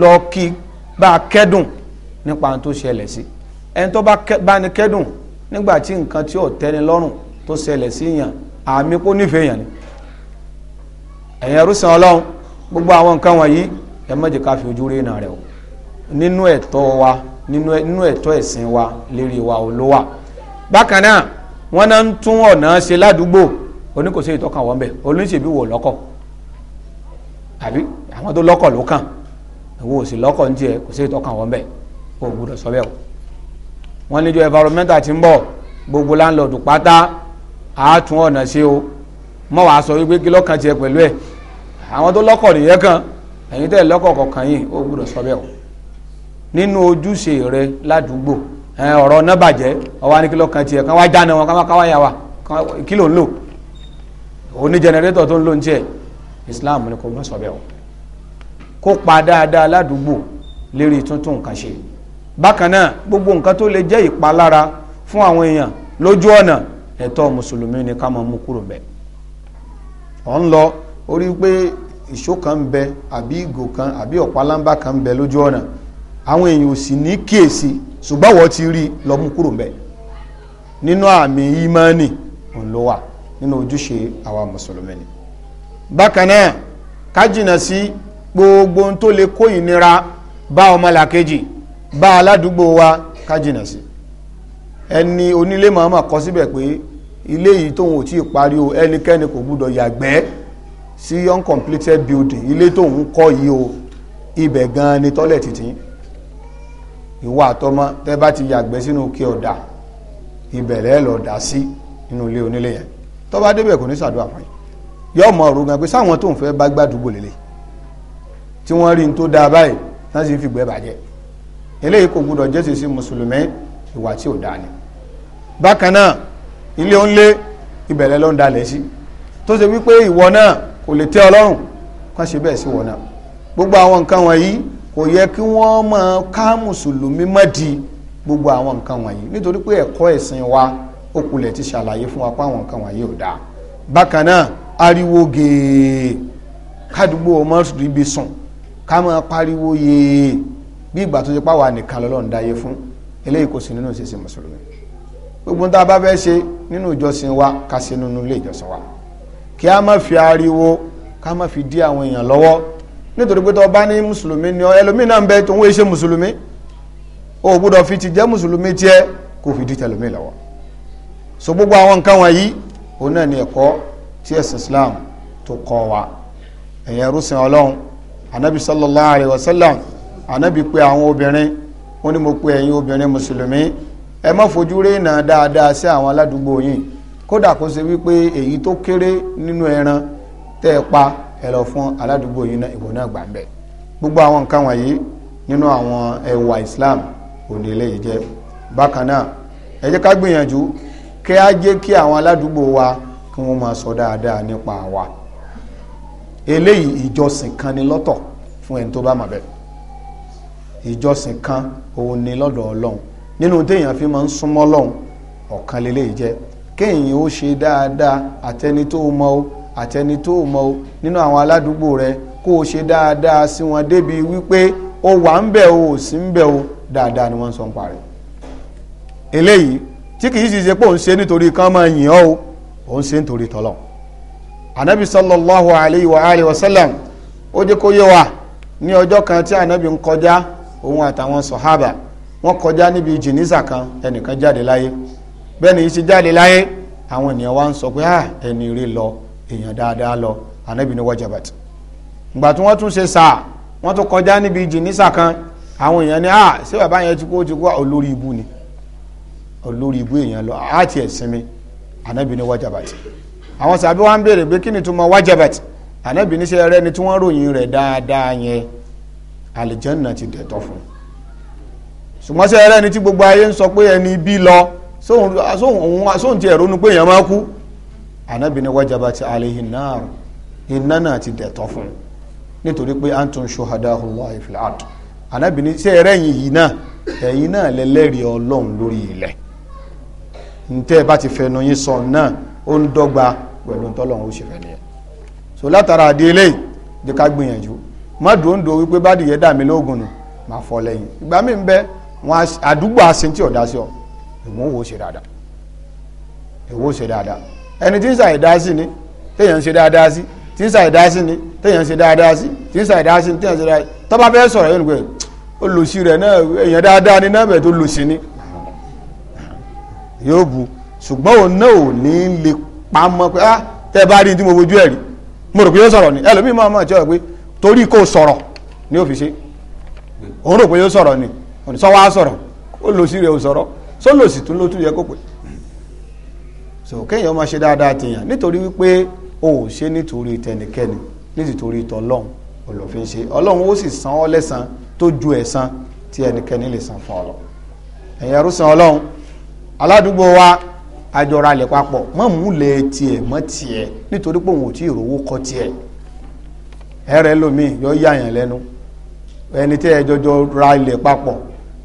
lọ kí bá a kẹ́dùn nípa ohun tó ṣẹlẹ̀ sí ẹni tó bá ní kẹ́dùn nígbà tí nǹkan tí ò tẹ́ni lọ́rùn tó ṣẹlẹ̀ sí yàn àmì kó nífẹ̀ẹ́ yàn ni ọlọ́run gbogbo àwọn nǹkan wọ̀nyí ẹ má ká fi ojú rẹ̀ o nínú wa nínú ẹ̀tọ́ ẹ̀sìn wa lérí wa ò ló wà bákan náà wọ́n náà ń tún ọ̀nà ṣe ládùúgbò oníkòsí ìtọ́kàn wọ́n bẹ̀ olóṣèlú wò lọ́kọ̀ àbí àwọn tó lọ́kọ̀ ló kàn wọ́n níjọ́ environmental ti ń bọ̀ gbogbo landlord pátá àátún ọ̀nà ṣe o mọ̀ wàá sọ wípé kí lọ́kàn tiẹ̀ pẹ̀lú ẹ̀ àwọn tó lọ́kọ̀ nìyẹn kan ẹ̀yin tẹ́ lọ́kọ̀ kọ̀ọ̀kan yìí ó gbọ́dọ̀ sọ bẹ́ẹ̀ o nínú ojúṣe rẹ ládùúgbò ọ̀rọ̀ náà bàjẹ́ ọwọ́ ní kí lọ́kàn tiẹ̀ kan wá jáná wọn káwá káwá yà wá kí ló jẹnẹrétọ̀ tó ń lò ń tiẹ̀ Islam ni kò gbọ́ sọ bẹ́ẹ̀ o kópa dáadáa ládùúgbò lérí tuntun nǹkan ṣe bákan náà gbogbo nǹkan tó lè jẹ́ ìpalára fún àwọn èèyàn lójú ọ̀nà ẹ̀tọ́ mùsùlùmí ni ká máa mú kúrò bẹ́ẹ̀ ọ̀ ń lọ orí pé ìṣó kan ń bẹ àbí ìgò kan àbí ọ̀pálámbá kan ń bẹ lójú ọ̀nà àwọn èèyàn ò sì ní kíyèsí ṣùgbọ́n wọ́n ti rí lọ mú kúrò bẹ́ẹ̀ nínú àmì ìmánì òun ló wà nínú ojúṣe àwa mùsùlùmí ni bákan náà ká jìnnà sí gbogbo ohun tó lè kó ìnira bá ọmọlàkejì bá aládùúgbò wa ká jìnà sí ẹni onílé màmá kọ síbẹ̀ pé ilé yìí tóun ò tí ì parí o ẹnikẹ́ni kò gbúdọ̀ yàgbẹ́ sí uncompleted building ilé tóun kọ́ yìí o ibẹ̀ gan ni tọ́lẹ̀ títí ìwà àtọmọ tẹ́ bá ti yàgbẹ́ sínú kí ọ̀dà ìbẹ̀rẹ̀ lọ dà sí inú ilé onílé yẹn tó bá débẹ̀ kò ní sàdúrà fún yìí yóò mọ ọ̀rọ̀ gan pé sáwọn tó fẹ́ bá gbàdúgbò lélẹ̀ tí wọ́n rí n tó dáa báyìí náà sì fi gbẹ́ bàjẹ́ eléyìí kò gbúdọ̀ jẹ́sì sí mùsùlùmí ìwà tí ò dáa ni bákan náà ilé ó ń lé ìbẹ̀rẹ̀ ló ń dalẹ̀ sí tó ṣe wípé ìwọ náà kò lè tẹ́ ọlọ́run kàn ṣe bẹ́ẹ̀ sí ìwọ náà gbogbo àwọn nǹkan wọ̀nyí kò yẹ kí wọ́n máa ká mùsùlùmí mọ́ di gbogbo àwọn nǹkan wọ̀nyí nítorí pé ẹ̀kọ́ ẹ̀sìn wa ó ti ṣàlàyé fún wa pé àwọn nǹkan wọ̀nyí ò dáa bákan náà ariwo gèè kádùgbò ọmọ ríbi sùn ká máa pariwo yèè bí ìgbà tó ti pàwọ́ nìkan lọ́lọ́run dáyé fún eléyìí kò sí nínú ìṣesí mùsùlùmí gbogbo tá a bá fẹ́ ṣe nínú ìjọsìn wa ká ṣe nínú ilé ìjọsìn wa kí a má fi ariwo ká má fi dí àwọn èèyàn lọ́wọ́ nítorí pé tó bá ní mùsùlùmí ni ọ ẹlòmíì náà ń bẹ tó ń wéṣe mùsùlùmí o gbọ́dọ̀ fi ti jẹ́ mùsùlùmí tiẹ̀ kò fi dí tẹlòmíì lọ́wọ́ so gbogbo àwọn nǹkan wọ̀nyí òun náà ni ẹ̀kọ́ tí ẹ̀sìn Islam tó kọ́ wa ẹ̀yẹn rúṣin Ọlọ́run anabi sallallahu alayhi wa sallam ànábì pé àwọn obìnrin ó ní mo pé ẹ̀yin obìnrin mùsùlùmí ẹ má fojú rénà dáadáa sí àwọn aládùúgbò yìí kódà kó ṣe wípé èyí tó kéré nínú ẹran tẹ́ ẹ pa ẹ lọ fún aládùúgbò yìí náà ìwọ náà gbà ń gbogbo àwọn nǹkan wọ̀nyí nínú àwọn ẹwà Islam òní eléyìí jẹ́ bákan náà ẹ jẹ́ ká gbìyànjú kí á jẹ́ kí àwọn aládùúgbò wa kí wọ́n máa sọ dáadáa nípa wa eléyìí ìjọsìn kan ni lọ́tọ̀ fún ẹni tó bá mọ̀ bẹ́ẹ̀ ìjọsìn kan òun ni lọ́dọ̀ ọlọ́run nínú téèyàn fi máa ń súnmọ́ lọ́hùn ọ̀kan lélẹ́yìí jẹ́ kéèyàn ó ṣe dáadáa àtẹni tó mọ o àtẹni tó mọ o nínú àwọn aládùúgbò rẹ kó o ṣe dáadáa sí wọn débi wípé ó wà ń bẹ̀ o ò sí ń bẹ̀ o dáadáa ni wọ́n ń sọ ń parí. eléyìí tí kìí sì ṣe pé òun ṣe nítorí kan máa yìn ọ́ o òun ṣe nítorí tọ́lọ̀. anabi sallallahu alayhi wa alayhi wa sallam ó jẹ́ kó yé wa ní ọjọ́ kan tí anabi ń kọjá òun àtàwọn sọ̀hábà wọ́n kọjá níbi jìnísà kan ẹnìkan jáde láyé bẹ́ẹ̀ ni yìí ti jáde láyé àwọn ènìyàn wa ń sọ pé ah, ẹni rí lọ èèyàn dáadáa lọ ànábì ní wajabat ìgbà tí wọ́n tún ṣe sáà wọ́n tún kọjá níbi jìnísà kan àwọn èèyàn ní à ah, ṣé bàbá yẹn ti kó ti kó olórí ibu ni olórí ibu èèyàn lọ á ah, tiẹ̀ sinmi ànábì ní wajabat àwọn sàbí wa ń béèrè pé kí ni tó mọ wajabat ànábì ní ṣe rẹ ni tí wọ́n ròyìn rẹ̀ dáadáa yẹn àlìjẹ́nà ti dẹ̀tọ́ fún un ṣùgbọ́n sí ẹrẹ́ni tí gbogbo ayé ń sọ pé ẹni bí lọ sóhun ti ẹ̀rọ nu èèyàn máa kú ànábì wájaba ti àlehin náà ti dẹ̀tọ́ fún un nítorí pé antum shuhadahu Allahi fil ard sí ẹrẹ́yìn yìí náà ẹ̀yin náà lẹ́lẹ́rìí ọlọ́run lórí ilẹ̀ ntẹ́ bá ti fẹnu yín sọ náà ó ń dọ́gba pẹ̀lú ntọ́lọ́run ó ṣe fẹ́ nìyẹn so látara àdéhélé má dòńdò wípé bá dìyẹ dà mí lóògùn nù má fọ lẹ́yìn ìgbà mi ń bẹ wọn àdúgbò àsentí ọ̀dá sí ọ ìwọ wo ṣe dáadáa ìwọ ṣe dáadáa ẹni tí ń ṣàì dá sí ni téèyàn ń ṣe dáadáa sí tí ń ṣàì dá sí ni téèyàn ń ṣe dáadáa sí tí ń ṣàì dá sí ni téèyàn ń ṣe dáadáa tó bá fẹ́ sọ̀rọ̀ yóò gbé olùsí rẹ̀ náà èèyàn dáadáa ni náà bẹ̀ tó lùsí ni yóò bu ṣùgbọ́n òun náà ò ní lè pamọ́ pé ah tẹ́ bá rí ní tí mo wojú ẹ̀ rí mo rò pé yóò sọ̀rọ̀ ni ẹlòmíì máa máa tí ó pé torí kò sọ̀rọ̀ ní ó fi ṣe òun rò pé yóò sọ̀rọ̀ ni òní sọ wá sọ̀rọ̀ ó lò sí rẹ̀ ò sọ̀rọ̀ só lò sí tún ló tún yẹ kó pè so kéèyàn máa ṣe dáadáa tèèyàn nítorí wípé o ò ṣe nítorí tẹnikẹ́ni nítorí tọlọ́hún olùfin ṣe ọlọ́run ó sì san ọ́ lẹ́san tó ju ẹ̀san tí ẹnikẹ́ni lè san fún ọlọ́ ẹ̀yìn ẹrúsàn ọlọ́run aládùúgbò wa àjọra lè papọ̀ mọ́mú lè tiẹ̀ mọ́ tiẹ̀ nítorí pé òun ò tí ì rówó kọ́ tiẹ̀ ẹrẹ lomi yọ yàyàn lẹnu ẹni tí ẹjọjọ ra ilẹ̀ papọ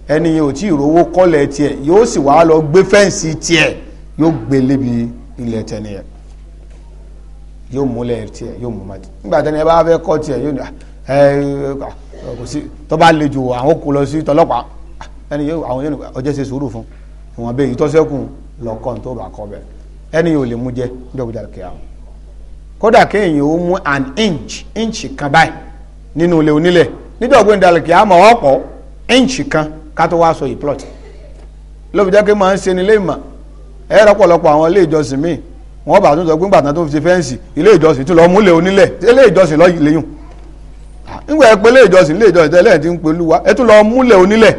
ẹni yóò tí ìrówó kọlẹ tiẹ yóò sì wá lọ gbé yóò gbé lébi tẹni yóò yóò mú nígbà tẹni ẹ bá yóò ah, ẹ kò sí bá àwọn kò lọ sí tọlọ́pàá ah, ẹni yóò àwọn yóò ọjọ́ ṣe sùúrù fún ìwọ̀n bẹ́ẹ̀ ìtọ́sẹ́kùn bá kọ́ bẹ́ẹ̀ kódà kéèyàn ó mú an inch inch kan báyìí nínú ilé onílẹ̀ nídọ̀gbìn dalẹ̀kì àmọ́ ọ̀pọ̀ inch kan ká tó wá sọ yìí plot lóbi jẹ́ pé máa ń ṣe ní ilé ìmọ̀ ẹ rọpọlọpọ àwọn ilé ìjọsìn míì wọn bá tún sọ pé gbàtàn tó fi ṣe fẹ́ǹsì ilé ìjọsìn tún lọ múlẹ̀ onílẹ̀ ilé ìjọsìn lọ lẹ́yìn nígbà ẹ pé ilé ìjọsìn ilé ìjọsìn tẹ́lẹ̀ ti ń pe olúwa ẹ tún lọ múlẹ̀ onílẹ̀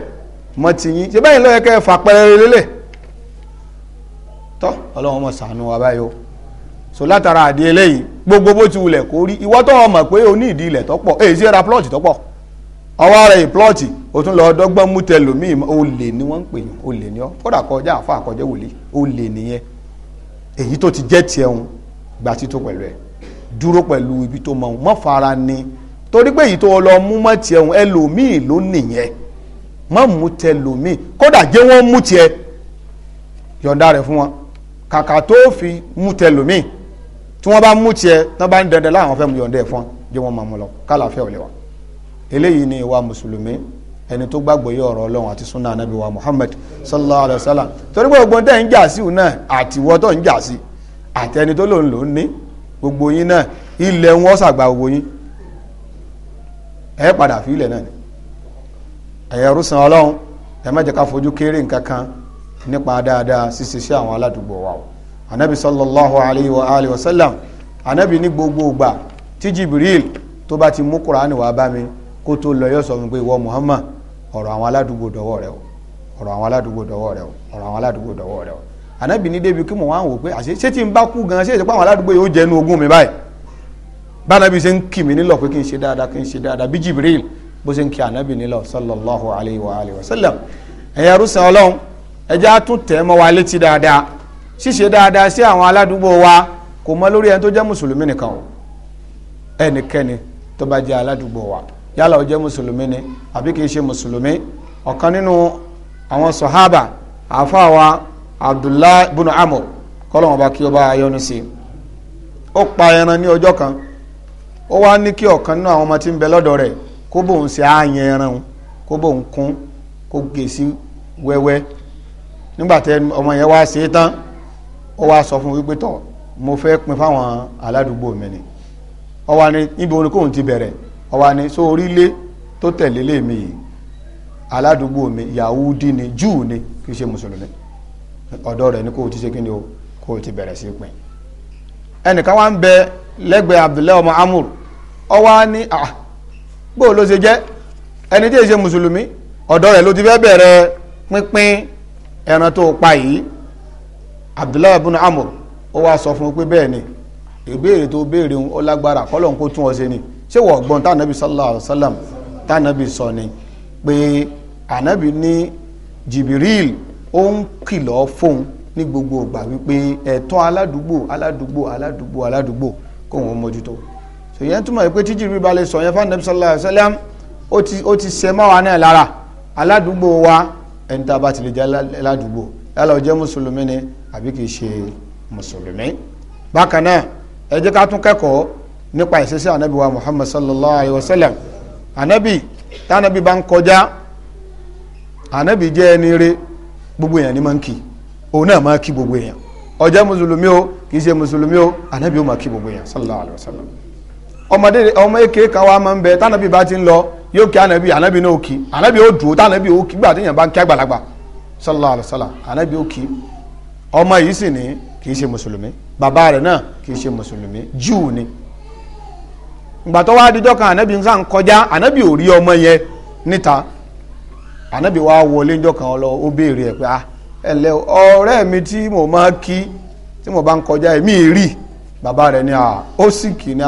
mọ tìyín ṣe báyìí lọ́yẹ̀kẹ́ fà pẹ́rẹ́ lélẹ̀ tọ́ ọlọ́run mọ̀ ṣàánú wa báyìí o so látara àdí eléyìí gbogbo bó ti wulẹ̀ kó rí ìwọ tó ọmọ pé o ní ìdí ilẹ̀ tọ́pọ̀ èyí sí ra plọ́ọ̀tì tọ́pọ̀ ọwọ́ rẹ̀ ìplọ́ọ̀tì o tún lọ dọ́gbọ́n mú tẹlòmíì o lè ní wọ́n ń pè yàn o lè ní ọ́ kódà kọjá àfa àkọjẹ́ wòlíì o lè nìyẹn èyí tó ti jẹ́ tiẹ̀ ń gba tító pẹ̀lú ẹ̀ dúró pẹ̀lú ibi tó mọ̀ mọ́ fara ni torí pé èyí tó lọ mú mọ́ tiẹ̀ ń ẹlòmíì ló nìyẹn mọ́ mú tẹlòmíì kódà jẹ́ wọ́n mú tiẹ̀ yọ̀ǹda rẹ̀ fún wọn kàkà tó fi mú tẹlòmíì tí wọ́n bá mú tiẹ̀ tí wọ́n bá ń dandan láwọn fẹ́ mu yọ̀ǹda ẹ̀ fún jẹ́ wọn máa mú lọ kálàfẹ́ ò lè wà eléyìí ni ìwà mùsùlùmí ẹni tó gbàgbọ́ yé ọ̀rọ̀ ọlọ́run àti sunna anabi wa muhammad sallallahu alayhi wa sallam torí pé gbogbo tẹ́ ń jà sí òun náà àti ìwọ tó ń jà sí àti ẹni tó lòun lòun ní gbogbo yín náà ilẹ̀ wọn ṣàgbà gbogbo yín ẹ padà fi ilẹ̀ náà ni ẹ̀yẹ rúsan ọlọ́run ẹ má jẹ́ ká fojú kéré nǹkan kan nípa dáadáa ṣíṣe sí àwọn aládùúgbò wa o anabi sallallahu alayhi wa alayhi wa sallam anabi ní gbogbo ìgbà tí jibril tó bá ti mú kuraani wá bá mi kó tó lọ yọ sọ fún pé ìwọ muhammad ọ̀rọ̀ àwọn aládùúgbò dọ́wọ́ rẹ o ọ̀rọ̀ àwọn aládùúgbò dọ́wọ́ rẹ o ọ̀rọ̀ àwọn aládùúgbò dọ́wọ́ rẹ o anabi ní débi kí mo wá wò pé àṣé ṣé tí n bá kú gan ṣé ìṣẹ́pá àwọn aládùúgbò yóò jẹ́ inú ogún mi báyìí bánabi ṣe ń kì mí nílọ pé kí n ṣe dáadáa kí n ṣe dáadáa bí jibril bó ṣe ń kí anabi nílọ sallallahu alayhi wa alayhi wa sallam ẹ̀yà rúṣin ọlọ́run ẹja tún tẹ̀ mọ́ wa létí dáadáa ṣíṣe dáadáa sí àwọn aládùúgbò wa kò mọ lórí ẹni tó jẹ́ mùsùlùmí nìkan o ẹnikẹ́ni tó bá jẹ́ aládùúgbò wa yálà ó jẹ́ mùsùlùmí ni àbí kì ṣe mùsùlùmí ọ̀kan nínú àwọn sọ̀hábà àáfàá wa Abdullah ibn Amr kọ́lọ́ wọn bá kí ó bá yọ́nú sí i ó pa ẹran ní ọjọ́ kan ó wá ní kí ọ̀kan nínú àwọn ọmọ tí ń bẹ lọ́dọ̀ rẹ̀ kó bóun ṣe ààyàn ẹran o kó bóun kún kó gèsì wẹ́wẹ́ nígbà tẹ ọmọ yẹn wá ṣe é tán ó wá sọ fún wípé tọ̀ mo fẹ́ pin fáwọn aládùúgbò mi ni ó wá ní níbi oníkóhun ti bẹ̀rẹ̀ ó wá ní so orílẹ̀ tó tẹ̀lé lèmi yìí aládùúgbò mi Yahudi ni Júù ni kì í ṣe mùsùlùmí ọ̀dọ́ rẹ̀ ni kò ti ṣe kí ni o kò ti bẹ̀rẹ̀ sí pin ẹnìkan wá ń bẹ lẹ́gbẹ̀ẹ́ Abdullahi ọmọ Amur ó wá ní à bóò ló ṣe jẹ́ ẹni tí ì ṣe mùsùlùmí ọ̀dọ́ rẹ̀ ló ti fẹ́ bẹ̀rẹ̀ pínpín ẹran tó pa yìí abdullahi ibn amr ó wá sọ fún un pé bẹ́ẹ̀ ni ìbéèrè tó béèrè ń ó lágbára kọ́lọ̀ ń kó tún ọ ṣe ni ṣé wọ́n gbọ́n tánàbí sallallahu alayhi wa sallam tánàbí sọ ni pé ànábì ní jìbìrìl ó ń kìlọ̀ fóun ní gbogbo ìgbà wípé ẹ̀tọ́ aládùúgbò aládùúgbò aládùúgbò aládùúgbò kò wọ́n mójútó ṣèyẹn túmọ̀ pé tí jìbìrìl bá sọ yẹn fánàbí sallallahu alayhi wa sallam ó ti ó ti ṣe mọ́ wa náà lára aládùúgbò wa ẹni tá a bá ti lè jẹ́ aládùúgbò yálà ó jẹ́ mùsùlùmí ni àbí kìí ṣe mùsùlùmí bákan náà ẹ jẹ́ ká tún kẹ́kọ̀ọ́ nípa ìṣesí ànábì wa muhammad sallallahu alayhi wa sallam anabi tánábì bá ń kọjá anabi jẹ́ ẹni rere gbogbo èèyàn ni máa ń kí òun náà máa kí gbogbo èèyàn ó jẹ́ mùsùlùmí o kìí ṣe mùsùlùmí o ànábì ó máa kí gbogbo èèyàn sallallahu alayhi wa sallam ọmọdé ọmọ èké kan wa máa ń bẹ tánábì bá ti ń lọ yóò kí ànábì ànábì náà ó kí ànábì ó dùn ó ó kí gbà bá ń kí àgbàlagbà sallallahu alayhi wa sallam ànábì ó kí ọmọ yìí sì ní kìí ṣe mùsùlùmí bàbá rẹ̀ náà kìí ṣe mùsùlùmí júù ni ìgbà tó wá dídọ́ kan ànábì ń sàn kọjá ànábì ò rí ọmọ yẹn níta ànábì wá wọlé ńjọ́ kan lọ ó béèrè ẹ̀ pé ah, mi tí mo máa kí tí mo bá ń kọjá ah,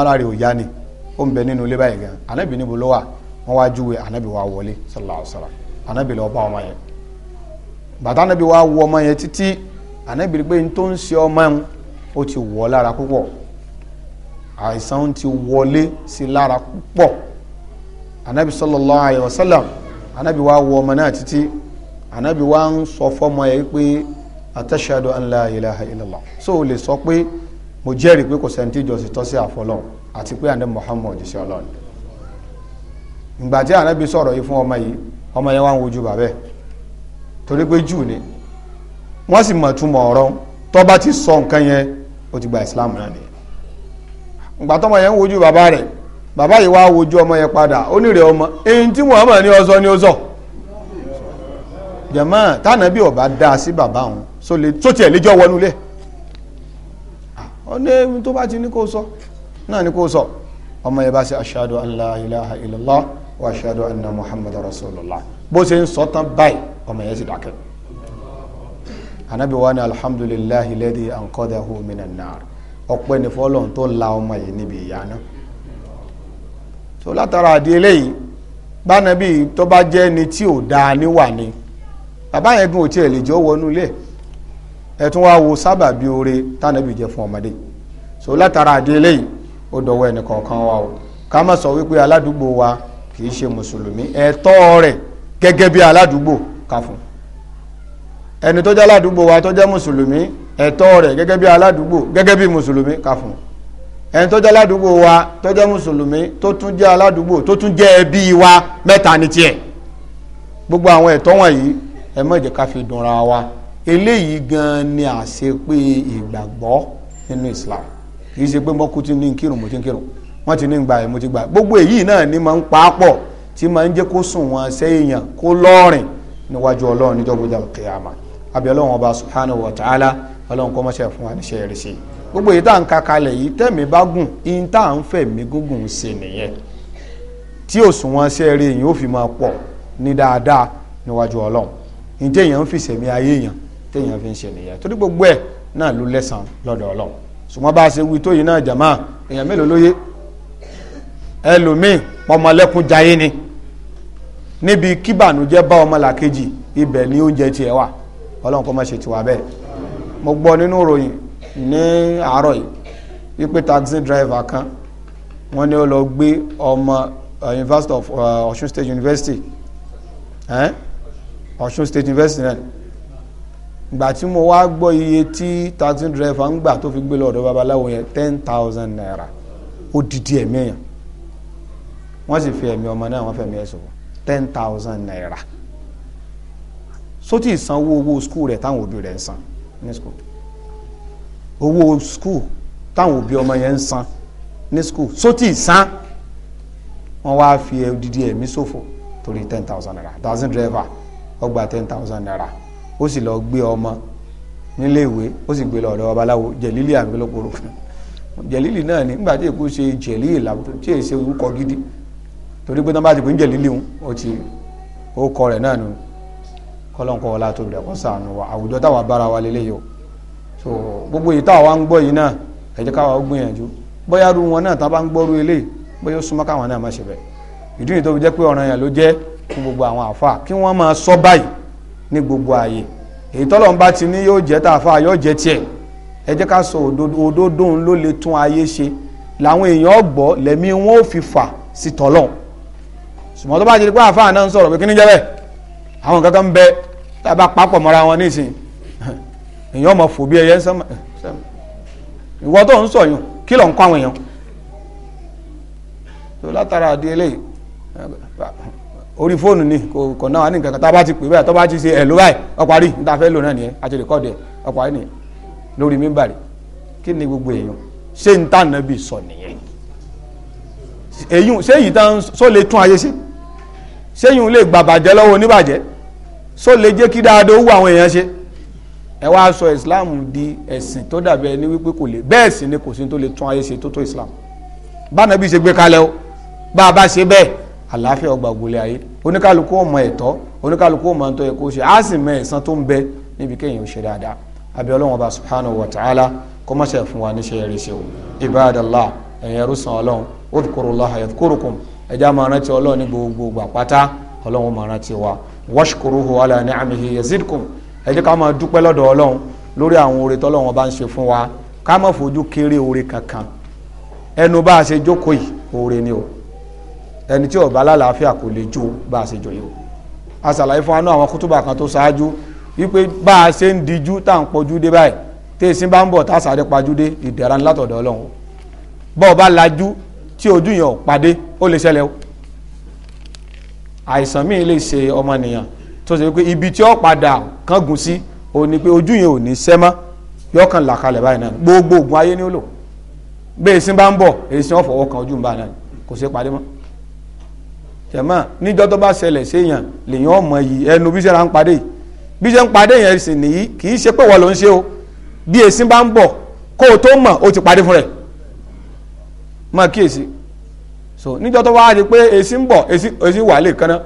ara ò yá ni ó ń bẹ nínú ilé báyìí gan ànábì níbo ló wà wá júwe ànábì wá wọlé ànábì lọ bá ọmọ yẹn bàtà ànábì ànábìrì pé n tó ń ṣe ọmọ ẹ̀hún ó ti wọ̀ lára púpọ̀ àìsàn ti wọlé sí lára púpọ̀ ànábì sallallahu alayhi wa sallam ànábì wa wọ ọmọ náà títí ànábì wa ń sọ fọmọ yẹ pé atashadu an la ilaha illallah so o lè sọ pé mo jẹ́rìí pé kò sẹ́ni ìjọsìn tọ́ sí àti pé ànábì Muhammad ṣe ọlọ́run ìgbà tí ànábì sọ̀rọ̀ yìí fún ọmọ yìí ọmọ yẹn wá ń wojú bàbẹ́ torí pé jù ni wọ́n sì mọ̀ túmọ̀ ọ̀rọ̀ tó bá ti sọ nǹkan yẹn ó ti gba islam náà nìyẹn ìgbà tọ́mọ yẹn ń wojú bàbá rẹ̀ bàbá yìí wá wojú ọmọ yẹn padà ó nírè ọmọ èyí tí muhammad ní ọzọ ní ọzọ jẹ̀mọ́ tànàbí ọba dá sí bàbá òun só tiẹ̀ léjọ́ wọnú lẹ̀ ọ̀nà tó bá ti ní kó sọ náà ní kó sọ ọmọ yẹn bá ṣe ashadu an la ilaha illallah anna muhammad rasulullah bó ṣe ń sọ tán báyìí ọmọ yẹn sì dákẹ́ anabi wa ni alhamdulilayi lẹ́dí ànkọ́dàhù minan nar ọpẹ́ ní fọ́lọ́n tó la ọmọ yìí níbi ìyá náà tó látara àdí eléyìí bánabi tó bá jẹ́ ni tí ò dáa níwà ni bàbá yẹn gun òtí ẹ̀ lè jẹ́ ó wọnú ilé ẹ̀ tún wá wo sábàbí oore tánàbì jẹ́ fún ọmọdé so látara àdí eléyìí ó dọ̀wọ́ ẹnì wa o ká má sọ wípé aládùúgbò wa kì í ṣe mùsùlùmí ẹ̀tọ́ rẹ̀ gẹ́gẹ́ bí aládùúgbò ká fún un ẹni tó jẹ́ aládùúgbò wa tó jẹ́ mùsùlùmí ẹ̀tọ́ rẹ̀ gẹ́gẹ́ bí aládùúgbò gẹ́gẹ́ bí mùsùlùmí ká ẹni tó aládùúgbò wa tó jẹ́ mùsùlùmí tó tún jẹ́ aládùúgbò tó tún jẹ́ ẹbí wa mẹ́ta ní tiẹ̀ gbogbo àwọn ẹ̀tọ́ wọ̀nyí ẹ má jẹ́ ká fi dùnra wa eléyìí gan ni àṣepé ìgbàgbọ́ nínú Islam kì í ṣe pé mọ́kú ti ní kírun mo ti ń kírun wọ́n ti ní gbà ẹ̀ mo ti gbà gbogbo èyí náà ni máa ń pa á pọ̀ tí máa ń jẹ́ kó sùn wọn sẹ́yìn kó lọ́rìn níwájú Ọlọ́run níjọ́ gbọ́dọ̀ kìí abiola wọn ọba subhanahu wa ta'ala ọlọ́run kọ́ mọ́ṣẹ́ fún wa níṣẹ́ rẹ̀ ṣe gbogbo èyí tá à ń ka kalẹ̀ yìí tẹ̀mí bá gùn ihun tá à ń fẹ̀mí gúngùn ṣe nìyẹn tí òṣùwọ̀n ṣẹ́ rí èyàn ó fi máa pọ̀ ní dáadáa níwájú ọlọ́run ní téèyàn ń fi ṣẹ̀mí ayé yàn téèyàn fi ń ṣe nìyẹn torí gbogbo ẹ̀ náà ló lẹ́sàn lọ́dọ̀ ọlọ́run ṣùgbọ́n bá ṣe wí tó yìí náà jàmáà èèyàn mélòó lóye ẹlòmíì ọmọlẹ́kùn jayé ni níbi kíbànújẹ́ bá ọmọlàkejì ibẹ̀ ni oúnjẹ tiẹ̀ wà ọlọ́run kó má ṣe tiwa bẹ́ẹ̀ mo gbọ́ nínú ìròyìn ní àárọ̀ yìí wípé taxi driver kan wọ́n ní ó lọ gbé ọmọ uh, university of Ọ̀ṣun uh, State University Ọ̀ṣun eh? State University náà gbà tí mo wá gbọ́ iye tí taxi driver ń gbà tó fi gbé lọ́dọ̀ babaláwo yẹn ten thousand naira ó dìdí ẹ̀mí èèyàn wọ́n sì fi ẹ̀mí ọmọ náà wọ́n fẹ̀mí ẹ̀ sọ̀rọ̀ ten thousand naira só ti sanwó owó skul rẹ̀ táwọn òbí rẹ̀ ń san ní skul owó skul táwọn òbí ọmọ yẹn ń san ní skul só ti san wọ́n wá fi odidi ẹ̀mí ṣòfò torí ten thousand naira thousand driver ó ten thousand naira ó sì lọ gbé ọmọ nílé ìwé ó sì gbé lọ ọ̀dọ̀ babaláwo jẹ̀lílì àgbélòpọ̀rọ̀ jẹ̀lílì náà ni nígbà tí èkó ṣe jẹ̀lílì làbúrò tí èsè orúkọ gidi torí pé tán bá ti ń jẹ̀lílì òun ó ti ó kọ rẹ̀ náà nù kọ́lọ́nkọ́ wọlé àtòbí rẹ̀ kọ́ sànù wa àwùjọ táwa bára wa lélẹ̀ yìí o so gbogbo yìí táwa ń gbọ́ yìí náà ẹ jẹ́ káwa ó gbìyànjú bóyá ru wọn náà tá a bá ń gbọ́ ru eléyìí bóyá ó súnmọ́ káwọn náà má ṣe bẹ́ẹ̀ ìdí yìí tó fi jẹ́ pé ọ̀ràn yẹn ló jẹ́ fún gbogbo àwọn àfa kí wọ́n máa sọ báyìí ní gbogbo ààyè èyí tọ́lọ̀ ń bá ti ní yóò jẹ́ tààfà yóò jẹ́ tiẹ̀ ẹ ká sọ òdodo ló lè tún ayé ṣe làwọn èèyàn gbọ́ lẹ́mí wọn ò fi fà sí tọ́lọ̀ ṣùgbọ́n bá jẹ́ pé àfa náà ń sọ̀rọ̀ pé kí ni jẹ́ bẹ́ẹ̀ àwọn kankan bẹ́ẹ̀ tá a bá papọ̀ mọ́ra wọn nísìnyí èèyàn mọ̀ fò bí ẹyẹ sẹ́mọ̀ ìwọ tó ń sọ yùn kí ló ń kọ́ àwọn èèyàn tó látara àdé eléyìí orí fóònù ni kò kò náà wà ní nǹkan kan tá a bá ti pè báyìí tó bá ti ṣe ẹ̀ ló báyìí ọparí níta fẹ́ lò náà nìyẹn àti rìkọ́ọ̀dù ẹ̀ ọparí nìyẹn lórí mímbàrí kí ni gbogbo èèyàn ṣé ń tà náà sọ nìyẹn èyí ṣé èyí tán só lè tún ayé sí ṣé èyí ń lè gbàbàjẹ́ lọ́wọ́ oníbàjẹ́ so lè jẹ́ kí dáadáa ó wù àwọn èèyàn ṣe ẹ wá sọ islam di ẹ̀sìn tó dàbí ẹni wípé kò lè bẹ́ẹ̀ sì ni kò sí tó lè tún ayé ṣe tó tó islam báwọn ẹbí ṣe gbé kalẹ̀ o bá a bá ṣe bẹ́ẹ̀ àlàáfíà ọgbà gbolẹ̀ ayé oníkálukú ọmọ ẹ̀tọ́ oníkálukú ọmọ ẹ̀tọ́ yẹ kó ṣe á sì mọ ẹ̀san tó ń bẹ níbi kéèyàn ó ṣe dáadáa abẹ́ ọlọ́run ọba subhanahu wa ta'ala kó má ṣe fún wa níṣẹ́ rẹ̀ ṣe o ibadallah ẹ̀yin ẹrú ọlọ́run udhkurullaha washkuruhu ala ni'amihi yazidkum ẹ jẹ́ ká máa dúpẹ́ lọ́dọ̀ ọlọ́run lórí àwọn oore tọ́lọ́run bá ń ṣe fún wa ká má fojú kéré oore kankan ẹnu bá a ṣe jókòó yìí oore ni o ẹni tí ó bá lálàáfíà kò lè jó bá a ṣe jọ yìí o a ṣàlàyé fún wa náà àwọn kútùbà kan tó ṣáájú wípé bá a ṣe ń dijú tá à ń pọ̀jú dé báyìí tí èsì bá ń bọ̀ tá a sáré pajú dé ìdẹ̀ra ńlá tọ̀dọ̀ ọlọ́run bọ́ọ̀ bá lajú tí ojú yẹn ò pàdé ó lè ṣẹlẹ̀ o àìsàn míì lè ṣe ọmọnìyàn tó ṣe pé ibi tí ó padà kángun sí o ní pé ojú yẹn ò ní sẹ́ mọ́ yọkàn làkalẹ̀ báyìí náà gbogbo oògùn ayé ni ó lò bí èsì bá ń bọ̀ èsì wọn fọwọ́ kan ojú ń bá náà kò ṣe parí mọ́ jẹ̀mọ́ níjọ́ tó bá ṣẹlẹ̀ séèyàn lèyàn ọmọ yìí ẹnu bí sẹ́ra ń padé bí sẹ́ ń padé yẹn sì nìyí kì í ṣe pé wọ́n ló ń ṣe o bí èsì bá ń bọ̀ kó o tó mọ̀ o ti parí fún rẹ̀ mọ́ kíyèsí so níjọ́ tó wá di pé èsì ń bọ̀ èsì wà lè kanna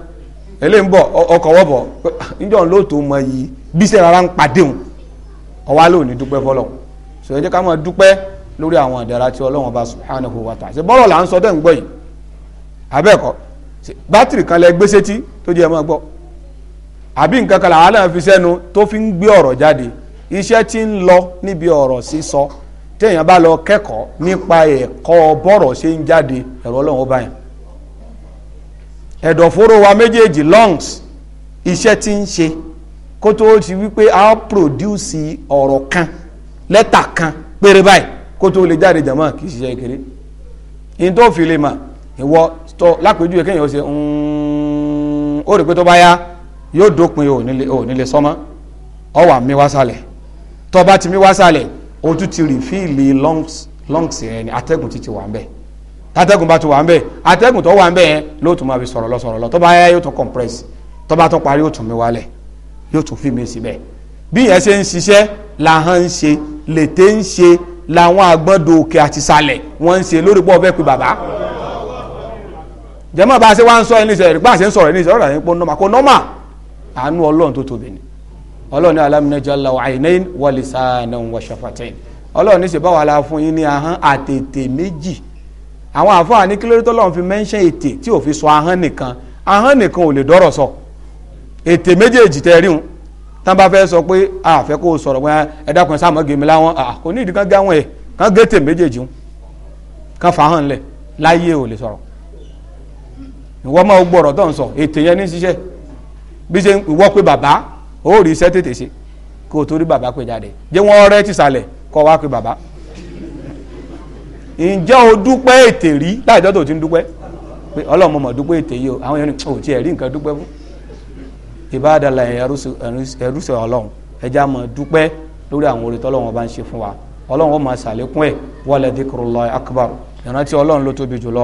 èlé ń bọ̀ ọkọ̀ wọ́bọ̀ níjọ́ ló tó mọ iyì bí sẹ́ rárá ń pàdé òun ọwá ló ní dúpẹ́ fọlọ́ so ẹ jẹ́ ká máa dúpẹ́ lórí àwọn ìdára tí Ọlọ́run bá subhanahu wa ta'ala ṣe bọ́rọ̀ là ń sọ dẹ́n gbọ́ yìí abẹ́ẹ̀kọ́ bátìrì kan lẹ gbé sétí tó jẹ́ máa gbọ́ àbí nǹkan kan làwọn náà fi sẹ́nu tó fi ń gbé ọ̀rọ̀ jáde iṣẹ́ tí ń lọ níbi ọ̀rọ̀ sísọ téèyàn bá lọ kẹ́kọ̀ọ́ nípa ẹ̀kọ́ bọ́rọ̀ ṣe ń jáde ẹ̀rọ ọlọ́run ó báyìí ẹ̀dọ̀fóró wa méjèèjì lungs iṣẹ́ tí ń ṣe kó tó ṣe wípé a produce ọ̀rọ̀ kan lẹ́tà kan péré báyìí kó tó lè jáde jàmọ́ kì í ṣiṣẹ́ kéré in tó fi lè mà ìwọ tó lápèjúwe kéèyàn ó ṣe ó rí pé tó bá yá yóò dópin ò nílé sọmọ ọ wà mí wá sálẹ̀ tó bá ti mí wá sálẹ̀ o tún ti rìfíìlì lungs lungs yẹn ni atẹ́gùn ti ti wà ń bẹ̀ tátẹ́gùn bá ti wà ń bẹ̀ atẹ́gùn tó wà ń bẹ̀ yẹn ló tún máa fi sọ̀rọ̀ lọ sọ̀rọ̀ lọ tó bá yá yóò tún compress tó bá tún parí yóò tún mi wálẹ̀ yóò tún fi mi síbẹ̀ bí yẹn ṣe ń ṣiṣẹ́ làhán ń ṣe lètè ń ṣe làwọn àgbọ̀dọ̀ òkè àti sàlẹ̀ wọ́n ń ṣe lórí pọ̀ bẹ́ẹ̀ pé bàbá jẹ́mọ̀ bá a ṣe wá ń sọ ẹni ọlọ́ọ̀ni alámínájọ́lá àìnáyìn wọlísàánà wọ̀ṣọ̀fàtẹ́yìn ọlọ́ọ̀ni sì báwa la fún yín ní ahọ́n àtètè méjì àwọn àfọwà ní kílódé tọ́lọ́run fi mẹ́ńṣẹ́ ètè tí ò fi sọ ahọ́n nìkan ahọ́n nìkan ò lè dọ́rọ̀ sọ ètè méjèèjì tẹ́ rí wọn tán bá fẹ́ sọ pé àfẹ́ kó o sọ̀rọ̀ pé ẹ dákun sáà mọ́ gèmi láwọn kò ní ìdí kan gé àwọn ẹ̀ kan gé ó rí iṣẹ́ tètè ṣe kó o torí bàbá pé jáde jẹ́ wọ́n rẹ́ tìsàlẹ̀ kọ́ wá pé bàbá ǹjẹ́ o dúpẹ́ ètè rí láìjọ́ tó ti ń dúpẹ́ pé ọlọ́mọ mọ̀ dúpẹ́ ètè yìí o àwọn yẹn ni ò tiẹ̀ rí nǹkan dúpẹ́ fún ìbáradàlà ẹrúṣẹ ọlọ́run ẹja mọ̀ dúpẹ́ lórí àwọn oore tọ́lọ́run bá ń ṣe fún wa ọlọ́run ó máa ṣàlékún ẹ̀ wala dhikrullahi akbar ìrántí ọlọ́run ló tóbi jùlọ